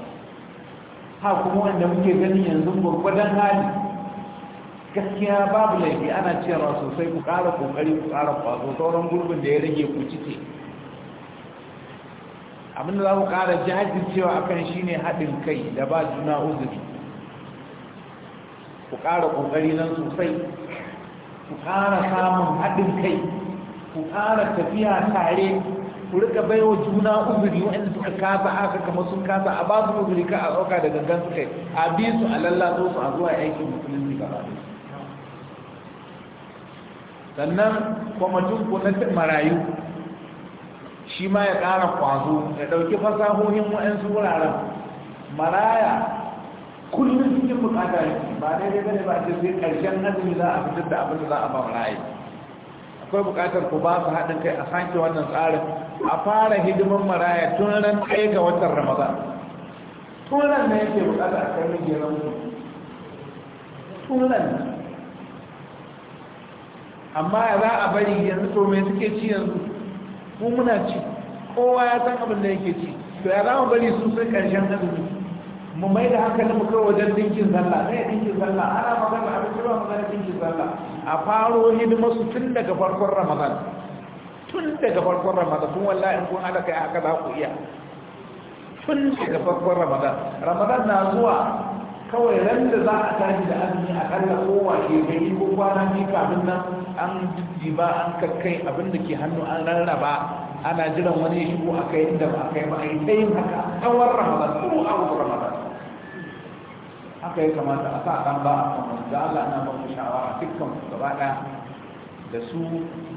ha kuma wanda muke gani yanzu gwagwadon hali gaskiya babu laifi ana ciyarwa sosai ku ƙara ƙoƙari ku ƙara kwazo sauran gurbin da ya rage ku cike abinda za ku ƙara jajircewa akan shine haɗin kai da ba juna uzuri ku ƙara ƙoƙari nan sosai ku ƙara samun haɗin kai ku ƙara tafiya tare ku rika baiwa juna uzuri wanda suka kasa haka kamar sun kasa a ba su uzuri ka a ɗauka da gangan su kai a bi su a lallato su a zuwa aikin musulunci gaba da sannan kwamitin ku na marayu shi ma ya ƙara kwazo ya ɗauki fasahohin wa'ansu wuraren maraya kullum cikin bukata yake ba dai bane ba ce sai karshen azumi za a fitar da abin da za a ba marayi akwai bukatar ku ba su haɗin kai a sake wannan tsarin a fara hidiman maraya tun ran ɗaya ga watan ramadan tun ran na yake bukata a kan rigeran ku tun ran amma ya za a bari yanzu to me suke ci yanzu mu muna ci kowa ya san abin da yake ci to ya za mu bari su sun karshen azumi mu mai da hankali mu kai wajen dinkin sallah sai dinkin sallah ana magana a cikin magana dinkin sallah a faro hidima su tun daga farkon ramadan tun daga farkon ramadan Tun wallahi kun ala kai haka za ku iya tun daga farkon ramadan ramadan na zuwa kawai ran da za a tashi da azumi a kalla kowa ke gani ko kwana ne kafin nan an ba an kakkai abin da ke hannu an rarraba ana jiran wani shigo a kai inda ba a kai ba a yi ta yin haka tsawon ramadan ko a ramadan haka ya kamata a sa ba a kan da Allah na ba mu shawara dukkan su gaba ɗaya da su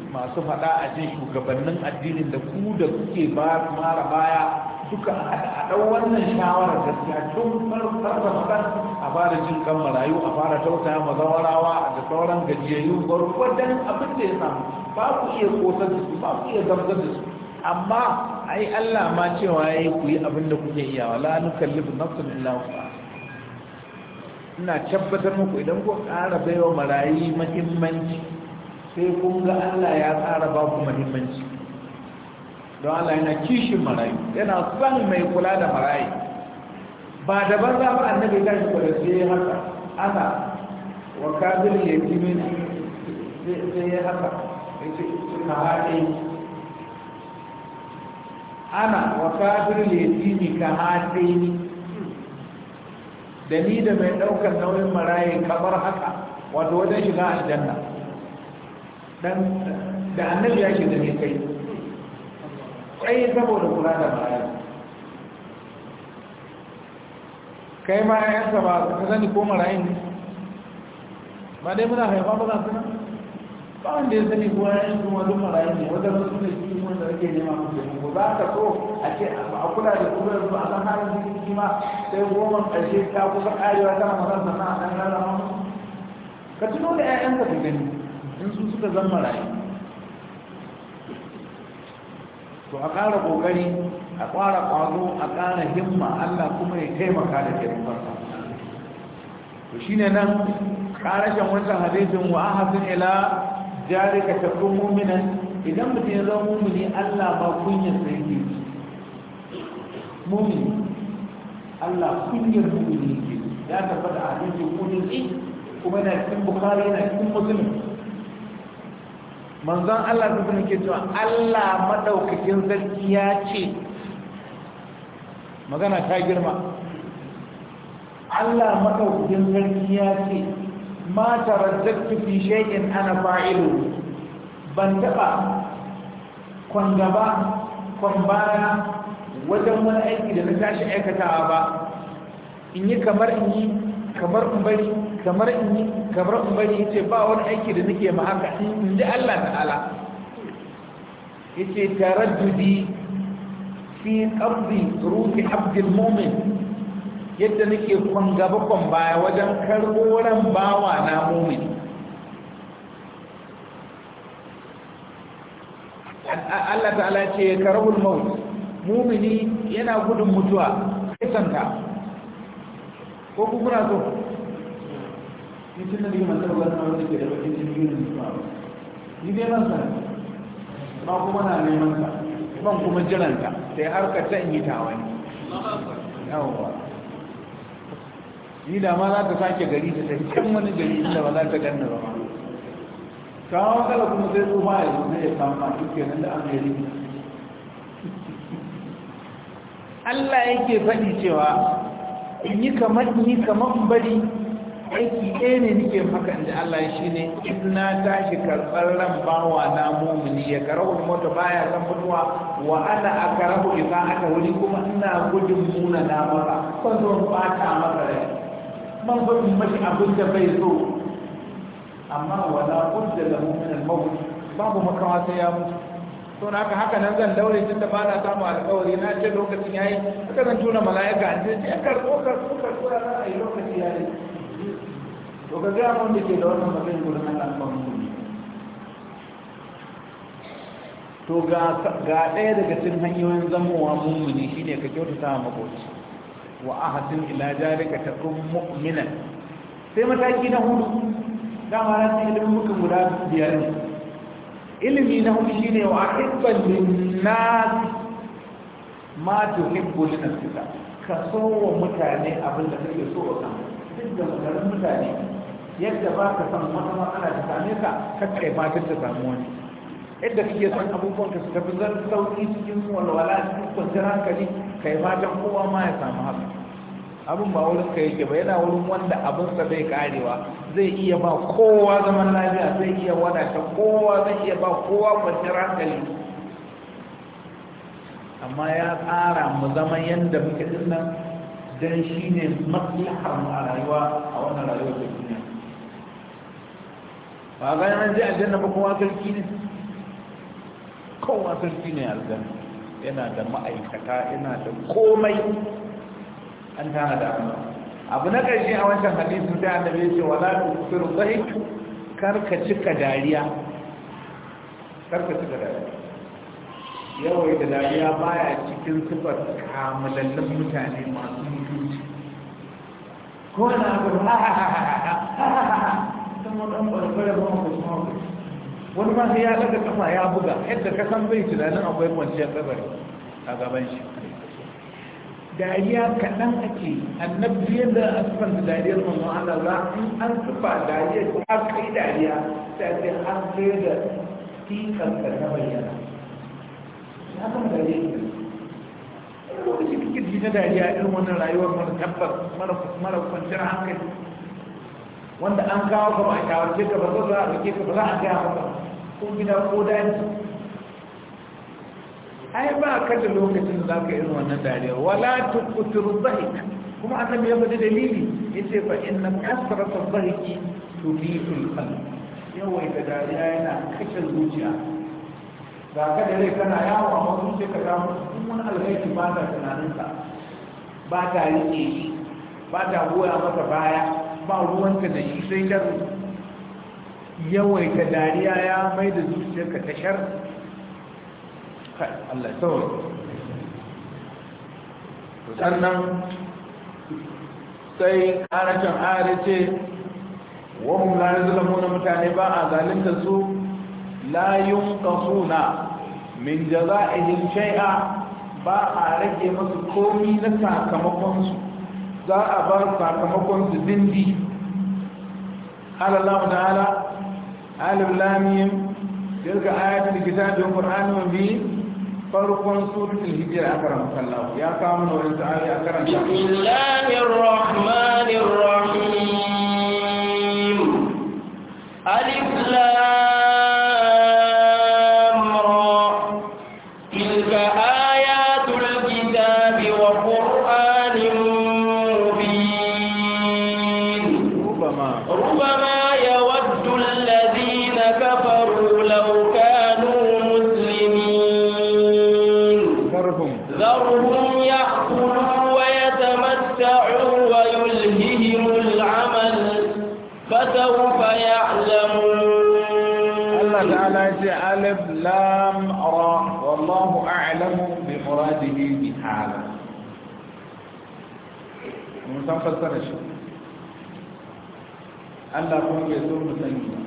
masu faɗa a jin shugabannin addinin da ku da kuke ba mara baya duka a ɗau wannan shawarar gaskiya tun farfar da faɗan a fara jin kan marayu a fara ma zawarawa da sauran gajiyayyu gwargwadon abin da ya samu ba ku iya kosar da su ba ku iya zamzar da su amma ai Allah ma cewa ya yi ku yi abin da kuke iyawa la nukallifu nafsan illa wusa ina tabbatar muku idan ku ƙara baiwa marayi mahimmanci sai kun ga Allah ya ƙara ba ku mahimmanci don Allah yana kishin marayi yana son mai kula da marayi ba da ban za ba annabi ta shi da sai haka ana wa kabir min sai haka yace suna haɗe ana wa kafir ya dini ka ni da ni da mai daukar nauyin maraye kamar haka wato wajen shiga aljanna dan da annabi ya shiga ne kai kai saboda kula da maraye kai ma ya ba ka sani ko marayin ne ba dai muna haifa ba za su nan ba wanda ya sani kuma ya yi kuma duk marayu ne wanda su ne cikin wanda ake nema mu da mu ba ka so a ce a kula da kuma yanzu a san halin jikin shi ma sai goma ƙarshe ta kusa ƙarewa tana mazan sana a ɗan rara ma ka tuno da 'ya'yanka ka gani in su suka zama marayu to a ƙara ƙoƙari a ƙara ƙwazo a ƙara himma allah kuma ya taimaka da taimakonsa to shine nan ƙarashen wancan hadisin wa ahasin ila Jari ka tafi muminan idan mutum ya zama mumini Allah ba kunyar sa yake mumini Allah kunyar mumini yake ya da a cikin kudusi kuma yana cikin bukari yana cikin musulmi manzon Allah sun ke cewa Allah madaukakin sarki ya ce magana ta girma Allah madaukakin sarki ya ce ma taraddadtu fi shay'in ana fa'ilu ban taba kwan gaba kwan baya wajen wani aiki da na tashi aikatawa ba in yi kamar in yi kamar in bari kamar in yi kamar in bari ce ba wani aiki da nake ma haka in ji Allah ta'ala yace taraddudi fi qabdi ruhi abdul mu'min yadda nake kwan gaba kwan baya wajen karɓo ran bawa na mumin Allah ta'ala ce karahul maut mumini yana gudun mutuwa sai santa ko kuna so ni tun da liman tarwa na wanda ke da bakin jirgin ba ni dai ban san ba kuma na neman ka. ban kuma jiranta sai harkar ta yi tawani yawwa ni da ma za ta sake gari ta tafi can wani gari inda ba za ta ganna ba ma kawo kala kuma sai ba ya zuwa zai samu masu kenan da an gari Allah yake faɗi cewa in yi kamar in yi kamar bari aiki ɗaya ne nike maka inda Allah shi ne in na tashi karɓar ran bawa na mumuni ya karahu mota baya san mutuwa wa ana a karahu idan aka wuri kuma ina gudun muna na masa kwanzo ba ta rai ban so in mashi abin da bai so amma wala budda lahu min al-maut babu makawa sai ya mutu to na haka haka nan zan daure tunda ba na samu alƙawari na ce lokacin ya yi haka zan tuna mala'ika an ce ce karɓo ko kar ko kar ko na ai lokaci yayi to ka gaya mun da ke da wannan magana gurin Allah ba mu to ga ɗaya daga cikin hanyoyin zamowa mummuni shine ka kyautata makoci wa ahadin ila jarika takum mu'mina sai mataki na hudu da na ce ilimin muka guda biyar ne ilimi na hudu shine wa ahibban linnas ma tuhibbu na ka so wa mutane abin da kake so wa kanka duk da magarin mutane yadda ba ka san wata matsala ta same ka kakkai ba ta samu wani yadda kake son abubuwan ka su tafi zan sauki cikin walwala cikin kwanciyar hankali kai fatan kowa ma ya samu haka abin ba wurin ka yake ba yana wurin wanda abinsa zai karewa zai iya ba kowa zaman lafiya zai iya wadata kowa zai iya ba kowa kwanciyar hankali amma ya tsara mu zaman yadda muke dinnan don shi ne maslahar mu a rayuwa a wannan rayuwar da duniya ba ga an je aljanna ba kowa sarki ne kowa sarki ne aljanna yana da ma'aikata yana da komai an tana da abu na ƙarshe a wancan hadisu da annabi ce wala tusir dhahik karka cika dariya karka cika dariya yawai da dariya baya cikin sifar kamalallin mutane masu mutunci ko na abu ha ha ha ha ha ha ha ha ha ha ha ha ha ha ha wani ma sai ya daga kafa ya buga yadda ka san bai tunanin akwai kwanciyar kabari a gaban shi dariya kaɗan ake annabi yadda a sufan da dariyar manzo Allah za an sufa dariya ta kai dariya ta ce an kai da tikan da na bayyana ya kama dariya ke wani lokaci kike ji na dariya irin wannan rayuwar mara tabbas mara kwanciyar hankali wanda an kawo kuma a shawarce ka ba za a rike ka ba za a gaya maka ko gida ko daji ai ba ka da lokacin za ka irin wannan dariya wala tukutur zahik kuma aka ya da dalili yace fa inna kasratu zahiki tubitul qalb yawaita dariya yana kashe zuciya ga ka da rai kana yawo amma zuciya ka ga wani alhaji ba ta tunaninsa ba ta rike shi ba ta goya masa baya ba ruwanka da shi sai da Yawai ta dariya ya mai da zuciya ka tashar Allah tsawon sannan sai ƙarashin ari ce wahun ranar zulamu na mutane ba a zalinta su layun kasuna min jaza'ihin shai'a ba a rage masu komi na sakamakonsu za a ba sakamakonsu dindi halallahu ta'ala alif lamim tilka ayatul kitabil qur'an wa bi farkon suratul hijr akram sallahu ya kawo mana wannan ayi akram bismillahir rahmanir rahim alif فسوف يعلمون الله تعالى ألف لام راء والله أعلم بمراده بحاله ومتن فسر شيء الله هو يزور مسنجا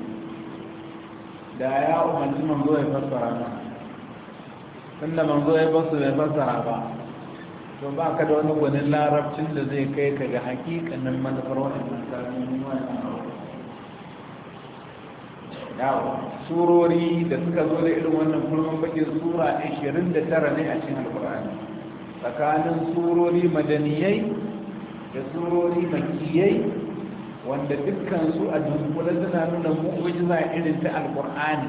دا يا من من ذو يفسر انا من من ذو يفسر يفسر ابا to ba ka da wani gwanin larabcin da zai kai ka ga hakikanin manufar wani musamman yi wani surori da suka zo da irin wannan kurman bakin sura 29 ne a cikin alkur'ani tsakanin surori madaniyai da surori makiyai wanda dukkan su a dunkule suna nuna mu'ujiza irin ta alkur'ani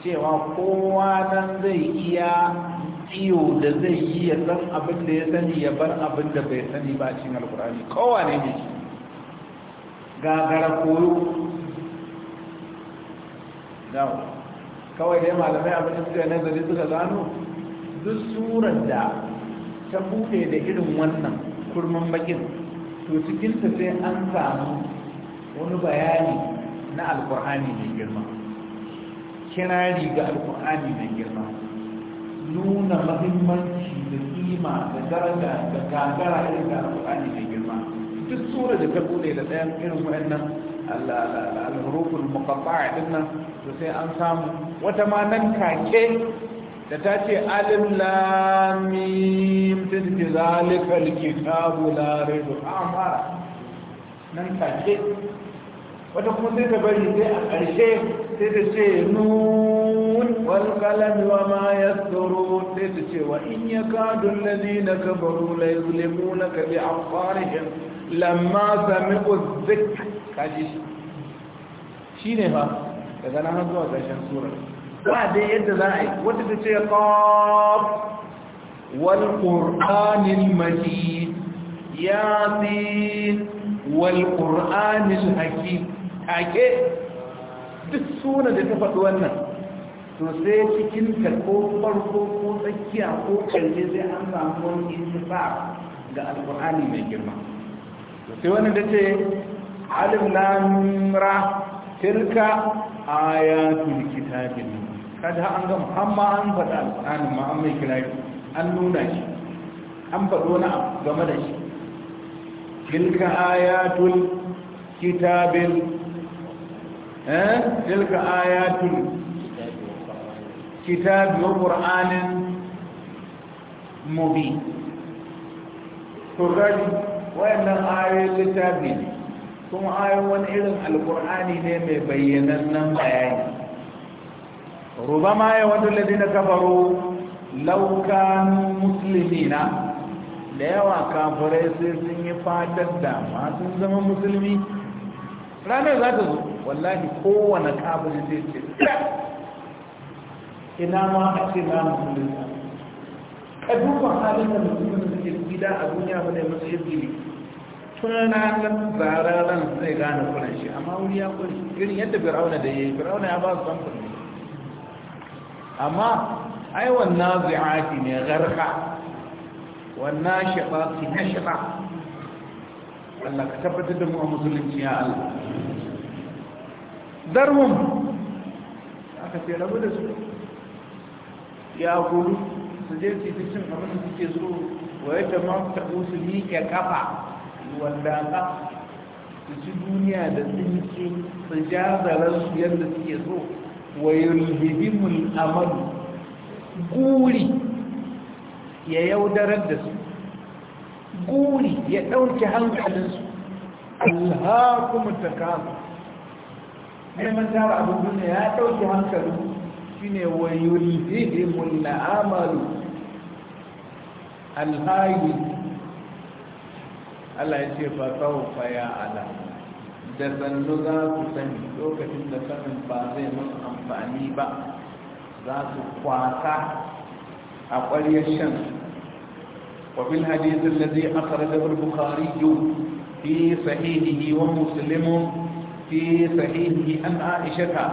cewa kowa nan zai iya iyo da zai yi ya san abin da ya sani ya bar abin da bai sani ba a cikin alkur'ani kowa ne ne gagara koyo dawo kawai dai malamai abin da suka nazari suka gano duk surar da ta buɗe da irin wannan kurman bakin to cikinta sai an samu wani bayani na alkur'ani mai girma kirari ga alkur'ani mai girma nuna mahimmanci da kima da daraja da gagara irin da alkur'ani mai girma duk surar da ta bude da ɗayan irin wannan al-huruful muqatta'a dinnan to sai an samu wata ma nan kake da ta ce alif ta ce zalika likitabu la raibu an nan kake wata kuma sai ta bari sai a ƙarshe sai ta ce nun wal qalam wa ma yasturun sai ta ce wa in yakadu alladhina kafaru la yuzlimunaka bi afwarihim lamma sami'u dhikr kaji shi ne daga nan zuwa ƙarshen sura. ba dai yadda za a yi wata ta ce qaf wal qur'anil ya fi wal qur'anil hakim take duk sunan da ta faɗi wannan to sai cikin ta ko farko ko tsakiya ko kalle zai an samu wani intifa ga alƙur'ani mai girma to sai wannan da ce alif ra tilka ayatul kitabin kada an ga amma an faɗa alƙur'anin ma an mai kira an nuna shi an faɗo na game da shi tilka ayatul kitabin eh tilka ayatul kitab wa qur'anin mubin to gani wayannan ayoyin littafi ne kuma ayo wani irin alkur'ani ne mai bayyanannen bayani rubama ya da ladina kafaru laukan musulmina da yawa kafirai sai sun yi fatan dama sun zama musulmi ranar za ta zo wallahi kowane kafin zai ce ina ma a ce na musulmi a dukkan halin da musulmi suke gida a duniya bane ne masu izini tun ranar zarar ran zai gane kuran shi amma wuri ya kuri irin yadda fir'auna da ya yi fir'auna ya ba su ne, amma ai wannan zi'ati ne garka wannan shaɓa ki na shaɓa Allah ka tabbatar da mu a musulunci ya Allah darhum aka ce rabu da su ya gudu su je su fi cin abin da suke so wa yadda ma ta musu ke kafa wallafa su ci duniya da tsinke su ja su yadda suke so wa yulhihimul amal guri ya yaudarar da su guri ya ɗauki hankalinsu alhakumu takamu neman tara abin duniya ya ɗauki hankalin shine wa yulhihimul amalu alhayi Allah ya ce fa tau ya ala da sannu za ku sani lokacin da ba zai musu amfani ba za su kwasa a ƙwaryar shan wa bil hadith alladhi akhrajahu al-bukhari fi sahihihi wa muslim fi sahihihi an aisha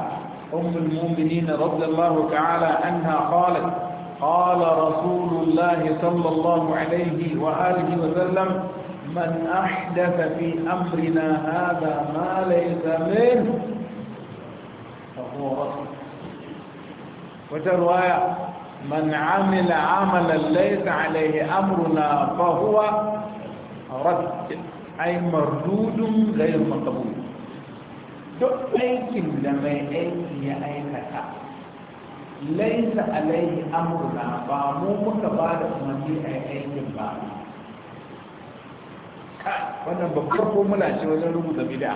ام المؤمنين رضي الله تعالى عنها قالت قال رسول الله صلى الله عليه واله وسلم من أحدث في أمرنا هذا ما ليس منه فهو رفض وترواية من عمل عملا ليس عليه أمرنا فهو رد أي مردود غير مقبول duk aikin da mai aiki ya aikata laisa alaihi amruna ba mu muka ba da umarni a aikin ba wannan babbar formula ce wajen rubuta bid'a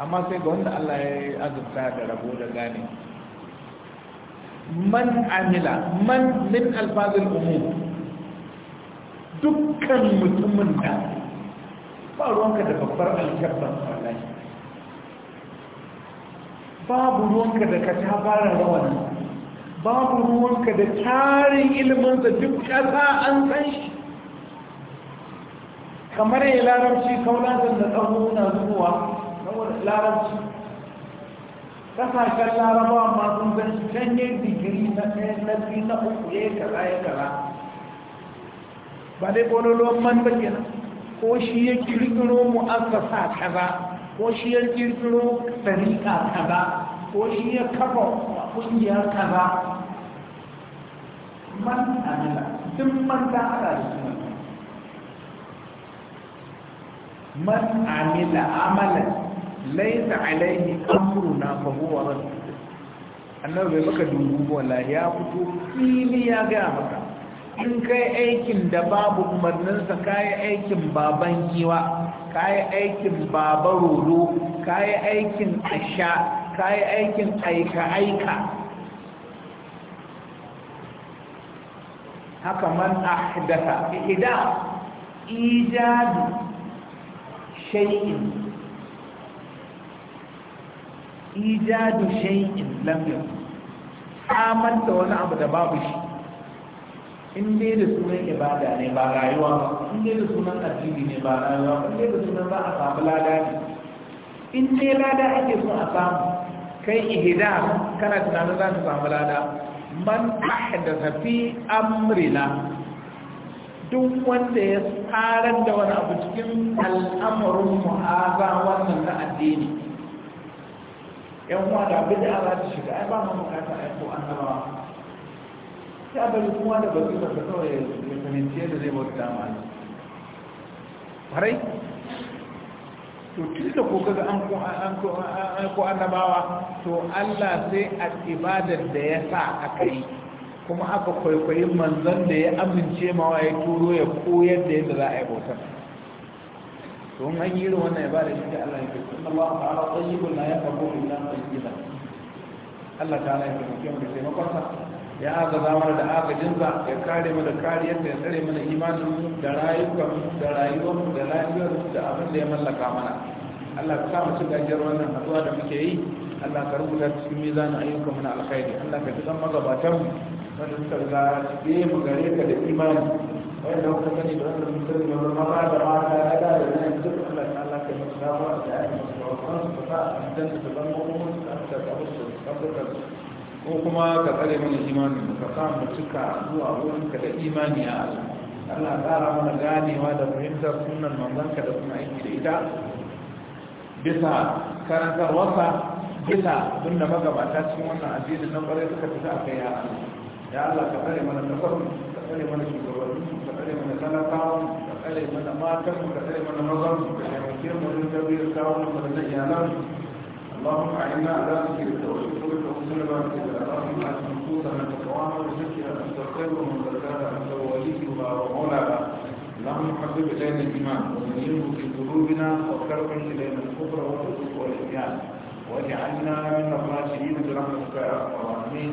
amma sai ga wanda Allah ya azurta da rabo da gane man amila man min alfazil umum dukkan mutumin da ba ruwanka da babbar alkyabban wallahi babu ruwanka da ka fara rawanin babu ruwanka da tarin da duk ƙasa an san shi kamar ya larabci kaunatan da tsaho na zuwa saboda larabci kasashen larabawa masu zan canye digiri na ɗaya na biyu na uku ya yi kaza ya kaza ba dai ƙololuwan man ba kenan ko shi ya kirkiro mu'assasa kaza ko shi ya kirkiro tsarika kaza ko shi ya kafa ƙungiya kaza man amila duk man ta ala da man amila amalan laisa alaihi amruna fa huwa annabi bai maka dubu wallahi ya fito fili ya ga maka in kai aikin da babu umarninsa kayi aikin baban giwa kayi aikin baba rodo kayi aikin asha kayi aikin aika-aika haka man ahdaka ihda ijadu shay'in ijadu shay'in lam yakun da wani abu da babu shi in dai da sunan ibada ne ba rayuwa ba in dai da sunan addini ne ba rayuwa ba in dai da sunan za a samu lada ne in dai lada ake so a samu kai ihida kana tunanin za ta samu lada man ahdatha fi amrina duk wanda ya tsarar da wani abu cikin al'amarin mu'aza wannan na addini yan uwa da abin da ala ta shiga ai ba mu bukata ai ko an gaba sai a bari kuma da bazu ba kawai ya fahimci yadda zai bauta ma ne farai to tun da ko kaga an ko annabawa to Allah sai a ibadar da ya sa a kai kuma aka kwaikwayi manzon da ya amince ma wa ya turo ya koyar da yadda za a yi bautar don an yi irin wannan ibada shi da Allah ya fi sunna Allah ta'ala tayyibun la yaqbalu illa tayyiba Allah ta'ala ya fi mu da taimakon ya agaza zamar da agajin sa ya kare mu da kariyar da ya tsare mana imanin da rayuwar da rayuwar da lafiyar da abin da ya mallaka mana Allah ka mu ci gajiyar wannan haduwa da muke yi Allah ka rubuta cikin mizanin ayyukan mu na alkhairi Allah ka ji dan magabatan mu wanda suka riga be mu gare ka da imani wanda kuka sani da wanda muka sani da wanda ma da ma da ya da da nan duk Allah ta Allah ka yi sabuwa da ya yi sauran su ta dan su ban mu mun ta ta ta su tabbata ko kuma ka tsare mana imani ka sa mu cika zuwa wurin ka da imani ya Allah Allah ƙara mana ganewa da fahimtar sunan manzanka da kuma aiki da ita bisa karantarwarsa bisa abinda magabata cikin wannan addinin na kwarai suka fita a kai ya Allah ya Allah ka tsare mana tafarmu ka tsare mana shugabanni ka tsare من talakawa ka من النظر matan ka tsare mana mazan ka taimake mu don tarbiyyar kawo mu da iyalan اللهم اعنا على ذكرك وشكرك وحسن عبادتك اللهم من زكاها انت وليها ومولاها اللهم حبب الينا الايمان وزينه في قلوبنا وكرم الينا الكفر والفسوق والعصيان واجعلنا من الراشدين برحمتك يا رب العالمين